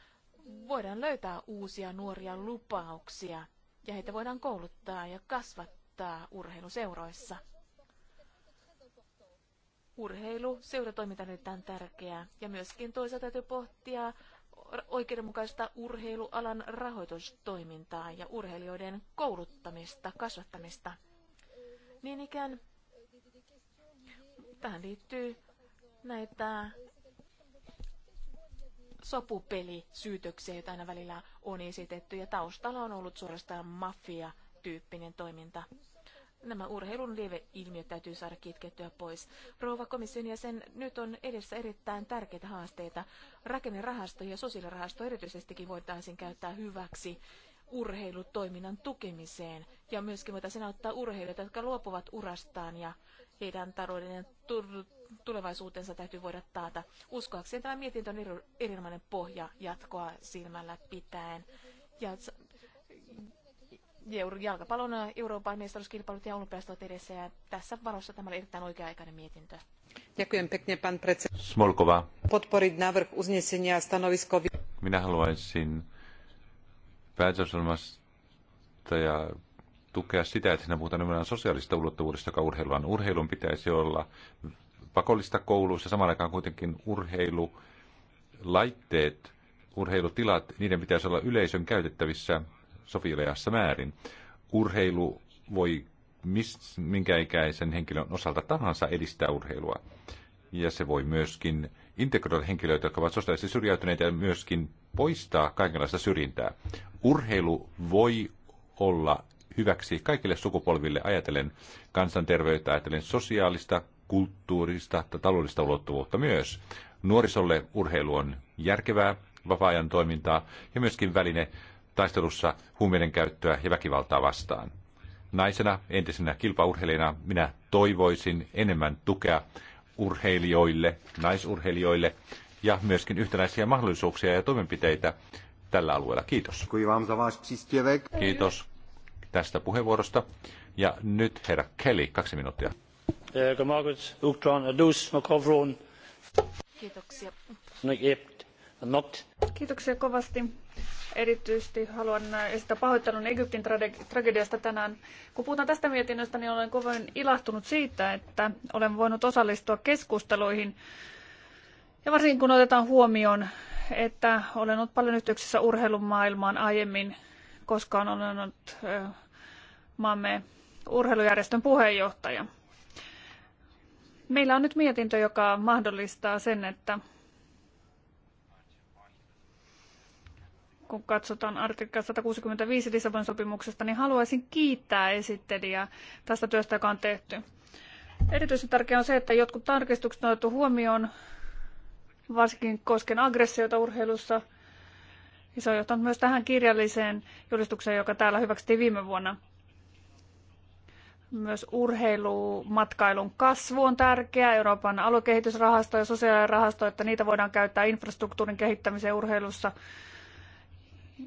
voidaan löytää uusia nuoria lupauksia ja heitä voidaan kouluttaa ja kasvattaa urheiluseuroissa. Urheilu, seuratoiminta on erittäin tärkeää ja myöskin toisaalta täytyy pohtia oikeudenmukaista urheilualan rahoitustoimintaa ja urheilijoiden kouluttamista, kasvattamista. Niin ikään Tähän liittyy näitä sopupelisyytöksiä, joita aina välillä on esitetty, ja taustalla on ollut suorastaan mafia-tyyppinen toiminta. Nämä urheilun lieveilmiöt täytyy saada kitkettyä pois. Rouva komission jäsen, nyt on edessä erittäin tärkeitä haasteita. Rakennerahasto ja sosiaalirahasto erityisestikin voitaisiin käyttää hyväksi urheilutoiminnan tukemiseen ja myöskin voitaisiin auttaa urheilijoita, jotka luopuvat urastaan ja heidän taloudellinen tulevaisuutensa täytyy voida taata. Uskoakseni tämä mietintö on erinomainen pohja jatkoa silmällä pitäen. Ja jalkapallon äh, Euroopan mestaruuskilpailut ja olympiasta ovat edessä ja tässä valossa tämä oli erittäin oikea-aikainen mietintö. Ďakujem pekne, pán predseda. Smolkova. Podporiť uznesenia stanovisko... Minä haluaisin päätösolmasta ja tukea sitä, että siinä puhutaan nimenomaan sosiaalista ulottuvuudesta, joka urheilu on. Urheilun pitäisi olla pakollista kouluissa, samaan aikaan kuitenkin urheilulaitteet, urheilutilat, niiden pitäisi olla yleisön käytettävissä sopileassa määrin. Urheilu voi mis, minkä ikäisen henkilön osalta tahansa edistää urheilua. Ja se voi myöskin integroida henkilöitä, jotka ovat sosiaalisesti syrjäytyneitä ja myöskin poistaa kaikenlaista syrjintää. Urheilu voi olla hyväksi kaikille sukupolville ajatellen kansanterveyttä, ajatellen sosiaalista, kulttuurista ja taloudellista ulottuvuutta myös. Nuorisolle urheilu on järkevää vapaa-ajan toimintaa ja myöskin väline taistelussa huumeiden käyttöä ja väkivaltaa vastaan. Naisena, entisenä kilpaurheilijana minä toivoisin enemmän tukea urheilijoille, naisurheilijoille ja myöskin yhtenäisiä mahdollisuuksia ja toimenpiteitä tällä alueella. Kiitos. Kiitos tästä puheenvuorosta. Ja nyt herra Kelly, kaksi minuuttia. Kiitoksia. Kiitoksia kovasti. Erityisesti haluan esittää pahoittelun Egyptin tragediasta tänään. Kun puhutaan tästä mietinnöstä, niin olen kovin ilahtunut siitä, että olen voinut osallistua keskusteluihin. Ja varsinkin kun otetaan huomioon, että olen ollut paljon yhteyksissä urheilumaailmaan aiemmin, koska olen ollut maamme urheilujärjestön puheenjohtaja. Meillä on nyt mietintö, joka mahdollistaa sen, että kun katsotaan artikla 165 Lisabon sopimuksesta, niin haluaisin kiittää esittelijää tästä työstä, joka on tehty. Erityisen tärkeää on se, että jotkut tarkistukset on otettu huomioon, varsinkin kosken aggressiota urheilussa. Ja se on johtanut myös tähän kirjalliseen julistukseen, joka täällä hyväksyttiin viime vuonna. Myös urheilumatkailun kasvu on tärkeä Euroopan aluekehitysrahasto ja sosiaalirahasto, että niitä voidaan käyttää infrastruktuurin kehittämiseen urheilussa.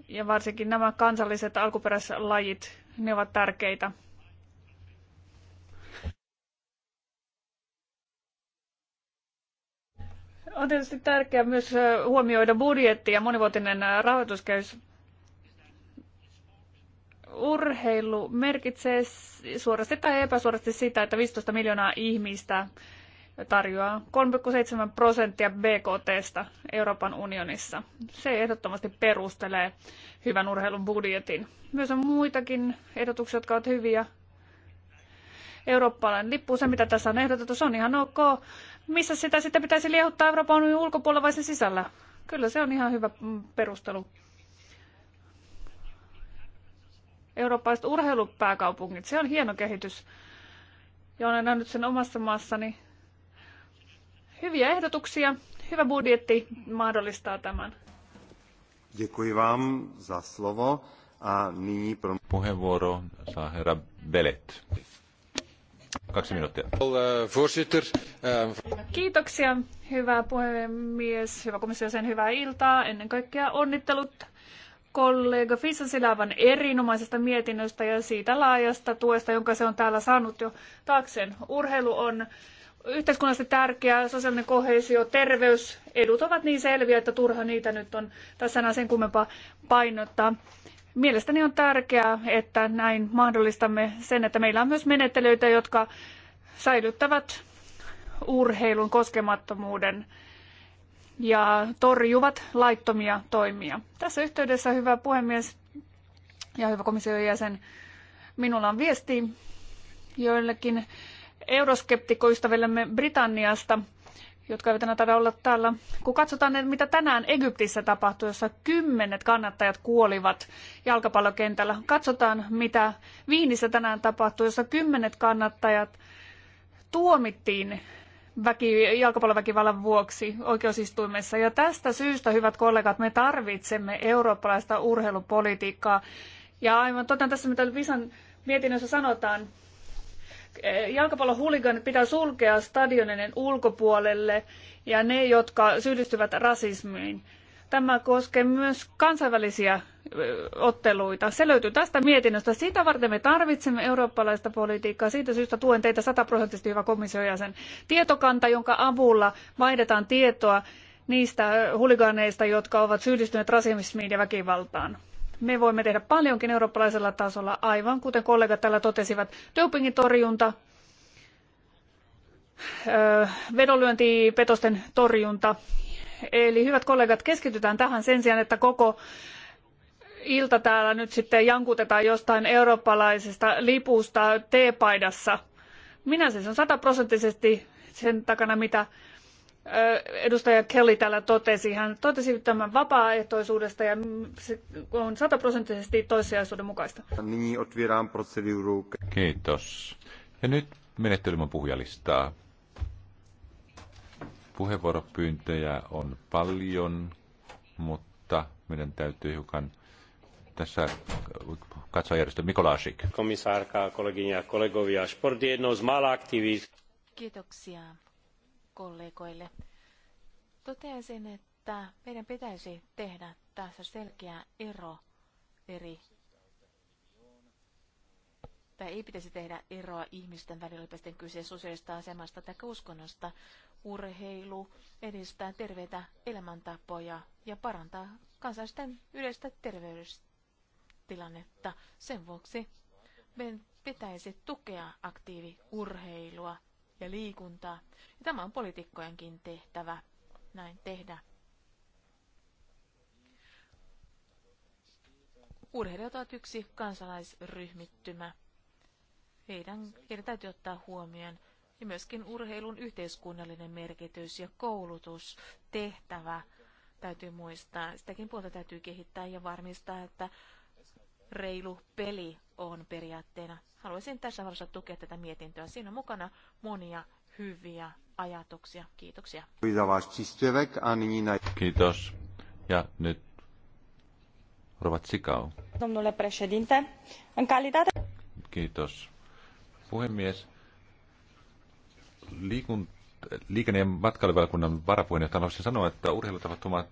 Ja varsinkin nämä kansalliset alkuperäislajit, ne ovat tärkeitä. On tietysti tärkeää myös huomioida budjetti ja monivuotinen rahoituskehys urheilu merkitsee suorasti tai epäsuorasti sitä, että 15 miljoonaa ihmistä tarjoaa 3,7 prosenttia BKTstä Euroopan unionissa. Se ehdottomasti perustelee hyvän urheilun budjetin. Myös on muitakin ehdotuksia, jotka ovat hyviä. Eurooppalainen lippu, se mitä tässä on ehdotettu, se on ihan ok. Missä sitä sitten pitäisi liehuttaa Euroopan unionin ulkopuolella vai sen sisällä? Kyllä se on ihan hyvä perustelu eurooppalaiset urheilupääkaupungit. Se on hieno kehitys. Ja olen nähnyt sen omassa maassani. Hyviä ehdotuksia. Hyvä budjetti mahdollistaa tämän. Děkuji vám za slovo. A nyní pro... Puheenvuoro saa herra Belet. Kaksi minuuttia. Eh, Kiitoksia, hyvä puhemies, hyvä komissio, sen hyvää iltaa. Ennen kaikkea onnittelut kollega Fissa Silävän erinomaisesta mietinnöstä ja siitä laajasta tuesta, jonka se on täällä saanut jo taakseen. Urheilu on yhteiskunnallisesti tärkeää, sosiaalinen kohesio, terveys, edut ovat niin selviä, että turha niitä nyt on tässä enää sen kummempaa painottaa. Mielestäni on tärkeää, että näin mahdollistamme sen, että meillä on myös menettelyitä, jotka säilyttävät urheilun koskemattomuuden ja torjuvat laittomia toimia. Tässä yhteydessä, hyvä puhemies ja hyvä komission jäsen, minulla on viesti joillekin euroskeptikoystävillemme Britanniasta, jotka eivät enää taida olla täällä. Kun katsotaan, mitä tänään Egyptissä tapahtui, jossa kymmenet kannattajat kuolivat jalkapallokentällä. Katsotaan, mitä Viinissä tänään tapahtui, jossa kymmenet kannattajat tuomittiin väki, jalkapalloväkivallan vuoksi oikeusistuimessa. Ja tästä syystä, hyvät kollegat, me tarvitsemme eurooppalaista urheilupolitiikkaa. Ja aivan totean tässä, mitä Visan mietinnössä sanotaan, jalkapallohuligan pitää sulkea stadioninen ulkopuolelle ja ne, jotka syyllistyvät rasismiin. Tämä koskee myös kansainvälisiä otteluita. Se löytyy tästä mietinnöstä. Sitä varten me tarvitsemme eurooppalaista politiikkaa. Siitä syystä tuen teitä sataprosenttisesti hyvä komission jäsen. Tietokanta, jonka avulla vaihdetaan tietoa niistä huligaaneista, jotka ovat syyllistyneet rasismiin ja väkivaltaan. Me voimme tehdä paljonkin eurooppalaisella tasolla, aivan kuten kollegat täällä totesivat. Dopingin torjunta, vedonlyöntipetosten torjunta. Eli hyvät kollegat, keskitytään tähän sen sijaan, että koko ilta täällä nyt sitten jankutetaan jostain eurooppalaisesta lipusta teepaidassa. Minä siis on sataprosenttisesti sen takana, mitä edustaja Kelly täällä totesi. Hän totesi tämän vapaaehtoisuudesta ja se on sataprosenttisesti toissijaisuuden mukaista. Kiitos. Ja nyt menettelymän puhujalistaa. Puheenvuoropyyntöjä on paljon, mutta meidän täytyy hiukan tässä katsoa järjestö Mikolasik. kollegovia, sportti jednou z mála aktivist. Kiitoksia kollegoille. Toteaisin, että meidän pitäisi tehdä tässä selkeä ero eri tai ei pitäisi tehdä eroa ihmisten välillä, olipa kyse sosiaalista asemasta tai uskonnosta. Urheilu edistää terveitä elämäntapoja ja parantaa kansalaisten yleistä terveydestä tilannetta. Sen vuoksi meidän pitäisi tukea aktiiviurheilua ja liikuntaa. Ja tämä on poliitikkojenkin tehtävä näin tehdä. Urheilijat ovat yksi kansalaisryhmittymä. Heidän, heidän täytyy ottaa huomioon ja myöskin urheilun yhteiskunnallinen merkitys ja koulutus, tehtävä täytyy muistaa. Sitäkin puolta täytyy kehittää ja varmistaa, että reilu peli on periaatteena. Haluaisin tässä vaiheessa tukea tätä mietintöä. Siinä on mukana monia hyviä ajatuksia. Kiitoksia. Kiitos. Ja nyt Rovatsikau. Kiitos. Puhemies, liikun, liikenne- ja matkailuvalkunnan varapuheenjohtaja haluaisin sanoa, että urheilutapahtumat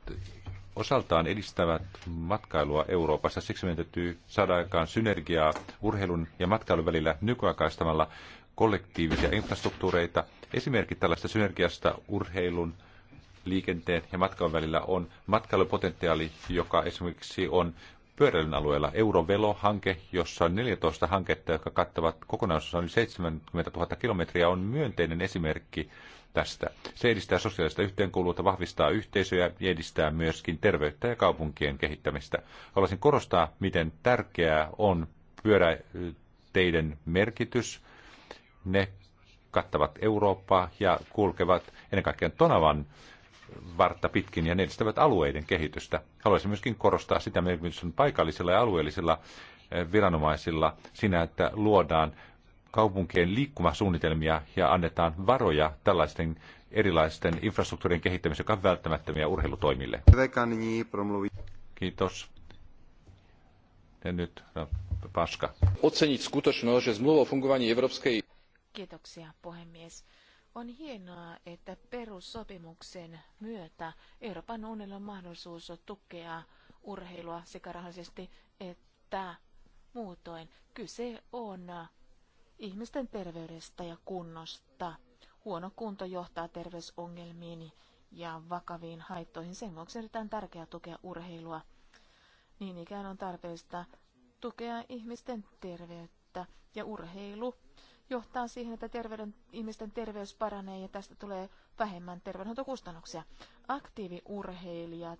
osaltaan edistävät matkailua Euroopassa. Siksi meidän täytyy saada aikaan synergiaa urheilun ja matkailun välillä nykyaikaistamalla kollektiivisia infrastruktuureita. Esimerkki tällaista synergiasta urheilun, liikenteen ja matkailun välillä on matkailupotentiaali, joka esimerkiksi on pyöräilyn alueella Eurovelo-hanke, jossa on 14 hanketta, jotka kattavat kokonaisuudessaan yli 70 000 kilometriä, on myönteinen esimerkki tästä. Se edistää sosiaalista yhteenkuuluvuutta, vahvistaa yhteisöjä ja edistää myöskin terveyttä ja kaupunkien kehittämistä. Haluaisin korostaa, miten tärkeää on pyöräteiden merkitys. Ne kattavat Eurooppaa ja kulkevat ennen kaikkea Tonavan vartta pitkin ja ne edistävät alueiden kehitystä. Haluaisin myöskin korostaa sitä merkitystä paikallisilla ja alueellisilla viranomaisilla siinä, että luodaan kaupunkien liikkumasuunnitelmia ja annetaan varoja tällaisten erilaisten infrastruktuurien kehittämiseen, jotka ovat välttämättömiä urheilutoimille. Kiitos. Ja nyt no, Paska. Ocenit skutočno, že zmluva o fungovaní Kiitoksia, puhemies. On hienoa, että perussopimuksen myötä Euroopan unionilla on mahdollisuus tukea urheilua sekä rahallisesti että muutoin. Kyse on ihmisten terveydestä ja kunnosta. Huono kunto johtaa terveysongelmiin ja vakaviin haittoihin. Sen vuoksi erittäin tärkeää tukea urheilua. Niin ikään on tarpeellista tukea ihmisten terveyttä ja urheilu johtaa siihen, että terveyden, ihmisten terveys paranee ja tästä tulee vähemmän terveydenhoitokustannuksia. Aktiiviurheilijat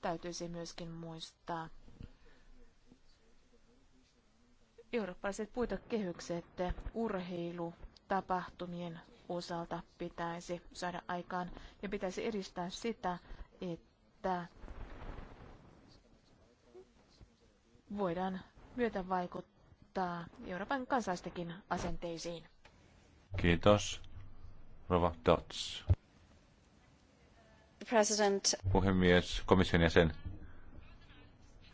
täytyisi myöskin muistaa eurooppalaiset puitekehykset urheilutapahtumien osalta pitäisi saada aikaan ja pitäisi edistää sitä, että voidaan myötä vaikuttaa Euroopan kansaistakin asenteisiin. Kiitos. Rova Dots. President. Puhemies, komission jäsen.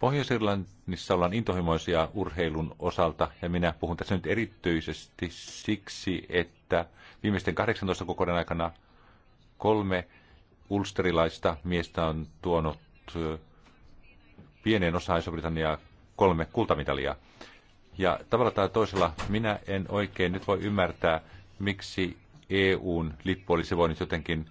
Pohjois-Irlannissa ollaan intohimoisia urheilun osalta, ja minä puhun tässä nyt erityisesti siksi, että viimeisten 18 kokonaisen aikana kolme ulsterilaista miestä on tuonut pienen osaan iso britannia kolme kultamitalia. Ja tavalla tai toisella minä en oikein nyt voi ymmärtää, miksi EUn lippu olisi voinut jotenkin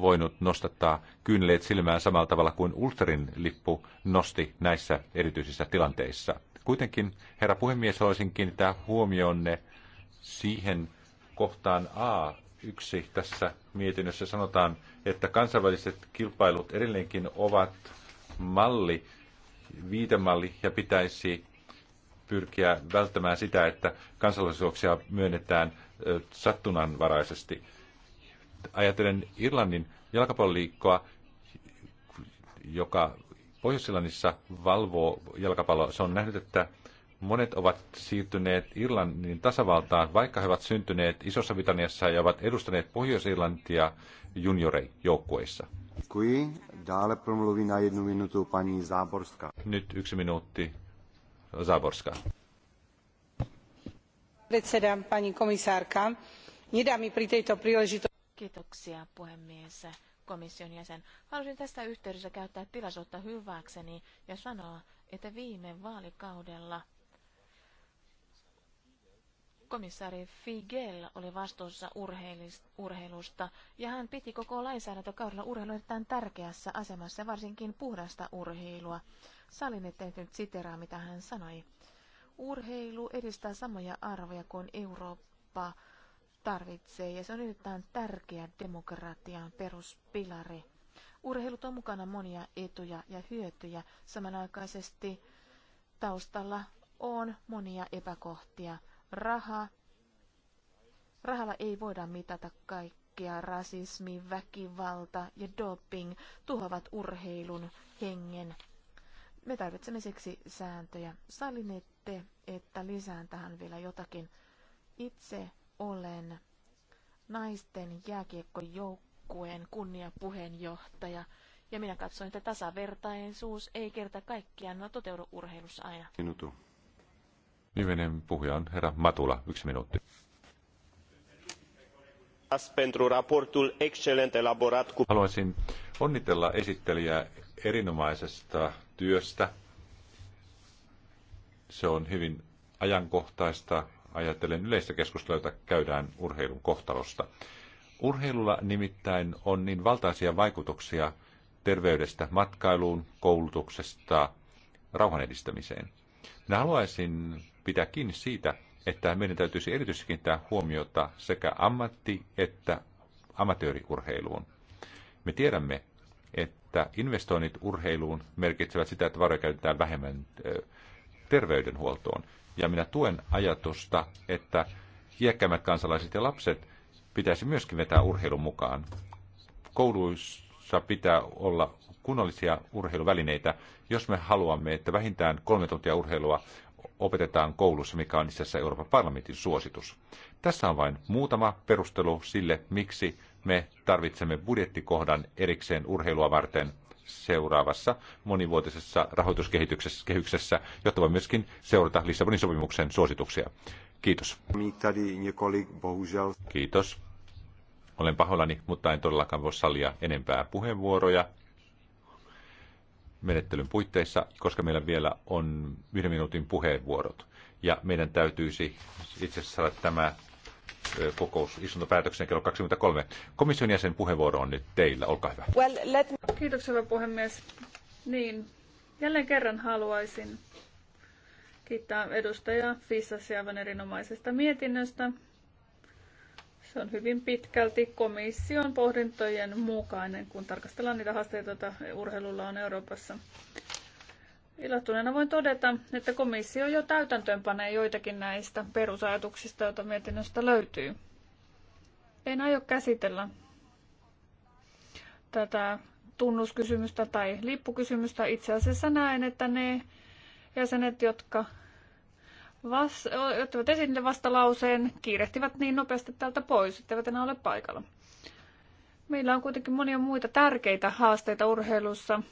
voinut nostattaa kynleet silmään samalla tavalla kuin Ulsterin lippu nosti näissä erityisissä tilanteissa. Kuitenkin, herra puhemies, haluaisin kiinnittää huomionne siihen kohtaan A yksi tässä mietinnössä sanotaan, että kansainväliset kilpailut edelleenkin ovat malli, viitemalli ja pitäisi pyrkiä välttämään sitä, että kansalaisuuksia myönnetään sattunanvaraisesti ajatellen Irlannin jalkapalloliikkoa, joka Pohjois-Irlannissa valvoo jalkapalloa, se on nähnyt, että monet ovat siirtyneet Irlannin tasavaltaan, vaikka he ovat syntyneet Isossa Britanniassa ja ovat edustaneet Pohjois-Irlantia juniorejoukkueissa. Nyt yksi minuutti. Zaborska. Predseda, pani komisárka, nedá mi pri tejto príležitosti... Kiitoksia puhemies komission jäsen. Halusin tästä yhteydessä käyttää tilaisuutta hyväkseni ja sanoa, että viime vaalikaudella komissaari Figel oli vastuussa urheilusta ja hän piti koko lainsäädäntökaudella urheilua erittäin tärkeässä asemassa, varsinkin puhdasta urheilua. Salin ettei nyt siteraa, mitä hän sanoi. Urheilu edistää samoja arvoja kuin Eurooppa tarvitsee ja se on erittäin tärkeä demokratian peruspilari. Urheilut on mukana monia etuja ja hyötyjä. Samanaikaisesti taustalla on monia epäkohtia. Raha. Rahalla ei voida mitata kaikkea. Rasismi, väkivalta ja doping tuhoavat urheilun hengen. Me tarvitsemme siksi sääntöjä. Sallinette, että lisään tähän vielä jotakin. Itse olen naisten jääkiekkojoukkueen kunniapuheenjohtaja ja minä katsoin, että tasavertaisuus ei kerta kaikkiaan toteudu urheilussa aina. Minutu. Viimeinen puhuja on herra Matula, yksi minuutti. Haluaisin onnitella esittelijää erinomaisesta työstä. Se on hyvin ajankohtaista ajattelen yleistä keskustelua, jota käydään urheilun kohtalosta. Urheilulla nimittäin on niin valtaisia vaikutuksia terveydestä, matkailuun, koulutuksesta, rauhan edistämiseen. Minä haluaisin pitää kiinni siitä, että meidän täytyisi erityisesti kiinnittää huomiota sekä ammatti- että amatööriurheiluun. Me tiedämme, että investoinnit urheiluun merkitsevät sitä, että varoja käytetään vähemmän terveydenhuoltoon. Ja minä tuen ajatusta, että iäkkäimmät kansalaiset ja lapset pitäisi myöskin vetää urheilun mukaan. Kouluissa pitää olla kunnollisia urheiluvälineitä, jos me haluamme, että vähintään kolme tuntia urheilua opetetaan koulussa, mikä on itse asiassa Euroopan parlamentin suositus. Tässä on vain muutama perustelu sille, miksi me tarvitsemme budjettikohdan erikseen urheilua varten – seuraavassa monivuotisessa rahoituskehyksessä, jotta voi myöskin seurata Lissabonin sopimuksen suosituksia. Kiitos. Kiitos. Olen pahoillani, mutta en todellakaan voi salia enempää puheenvuoroja menettelyn puitteissa, koska meillä vielä on yhden minuutin puheenvuorot. Ja meidän täytyisi itse asiassa saada tämä kokous istuntopäätöksen kello 23. Komission jäsen puheenvuoro on nyt teillä, olkaa hyvä. Well, let me... Kiitoksia hyvä puhemies. Niin, jälleen kerran haluaisin kiittää edustaja Fissasiavan erinomaisesta mietinnöstä. Se on hyvin pitkälti komission pohdintojen mukainen, kun tarkastellaan niitä haasteita, joita urheilulla on Euroopassa. Ilahtuneena voin todeta, että komissio jo täytäntöönpanee joitakin näistä perusajatuksista, joita mietinnöstä löytyy. En aio käsitellä tätä tunnuskysymystä tai lippukysymystä. Itse asiassa näen, että ne jäsenet, jotka ottivat esille vastalauseen, kiirehtivät niin nopeasti täältä pois, etteivät enää ole paikalla. Meillä on kuitenkin monia muita tärkeitä haasteita urheilussa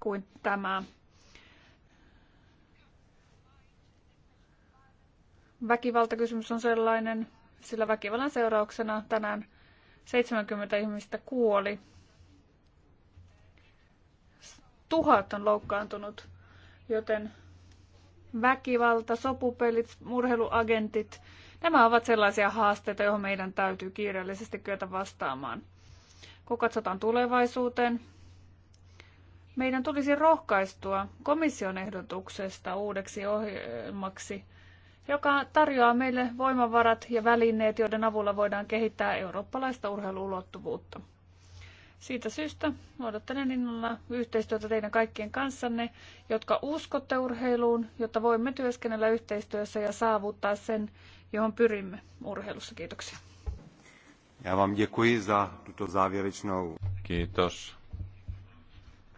kuin tämä Väkivaltakysymys on sellainen, sillä väkivallan seurauksena tänään 70 ihmistä kuoli. Tuhat on loukkaantunut, joten väkivalta, sopupelit, murheiluagentit, nämä ovat sellaisia haasteita, joihin meidän täytyy kiireellisesti kyetä vastaamaan. Kun katsotaan tulevaisuuteen, meidän tulisi rohkaistua komission ehdotuksesta uudeksi ohjelmaksi joka tarjoaa meille voimavarat ja välineet, joiden avulla voidaan kehittää eurooppalaista urheiluulottuvuutta. Siitä syystä odottelen innolla yhteistyötä teidän kaikkien kanssanne, jotka uskotte urheiluun, jotta voimme työskennellä yhteistyössä ja saavuttaa sen, johon pyrimme urheilussa. Kiitoksia. Ja vám děkuji za tuto závěrečnou. Kiitos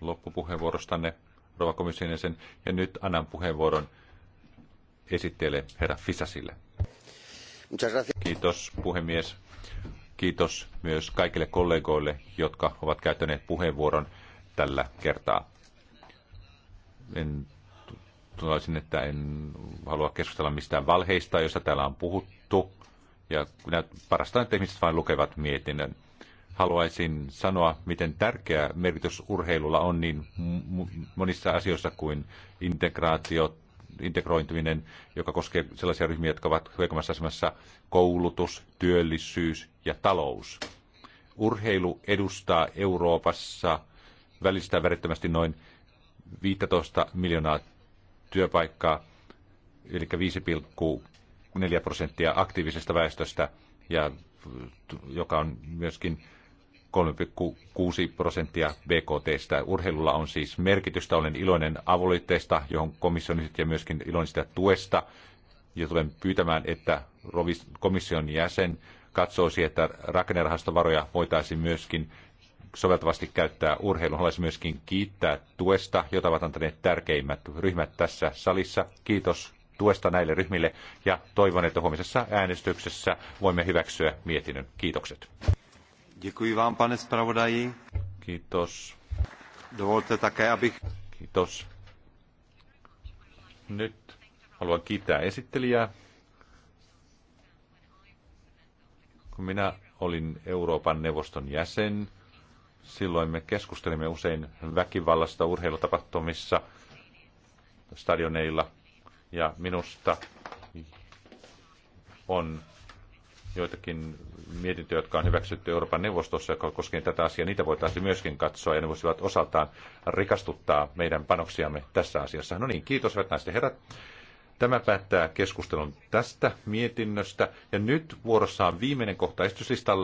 loppupuheenvuorostanne, rouva komission jäsen. Ja nyt annan puheenvuoron Esittelee herra Fisasille. Kiitos puhemies. Kiitos myös kaikille kollegoille, jotka ovat käyttäneet puheenvuoron tällä kertaa. En sanoisin, että en halua keskustella mistään valheista, joista täällä on puhuttu. Ja parasta, että ihmiset vain lukevat mietinnön. Haluaisin sanoa, miten tärkeä merkitys urheilulla on niin monissa asioissa kuin integraatio integrointuminen, joka koskee sellaisia ryhmiä, jotka ovat heikommassa asemassa koulutus, työllisyys ja talous. Urheilu edustaa Euroopassa välistä värittömästi noin 15 miljoonaa työpaikkaa, eli 5,4 prosenttia aktiivisesta väestöstä, ja mm, joka on myöskin 3,6 prosenttia BKTstä. Urheilulla on siis merkitystä. Olen iloinen avoliitteesta, johon komission ja myöskin iloinen tuesta. Ja tulen pyytämään, että komission jäsen katsoisi, että rakennerahastovaroja voitaisiin myöskin soveltavasti käyttää urheilun. Haluaisin myöskin kiittää tuesta, jota ovat antaneet tärkeimmät ryhmät tässä salissa. Kiitos tuesta näille ryhmille ja toivon, että huomisessa äänestyksessä voimme hyväksyä mietinnön. Kiitokset. Děkuji vám, pane zpravodaji. Kiitos. Dovolte také, abych... Kun minä olin Euroopan neuvoston jäsen, silloin me keskustelimme usein väkivallasta urheilutapahtumissa, stadioneilla. Ja minusta on joitakin mietintöjä, jotka on hyväksytty Euroopan neuvostossa, jotka koskee tätä asiaa, niitä voitaisiin myöskin katsoa ja ne voisivat osaltaan rikastuttaa meidän panoksiamme tässä asiassa. No niin, kiitos hyvät naiset herrat. Tämä päättää keskustelun tästä mietinnöstä ja nyt vuorossa on viimeinen kohta esityslistalla.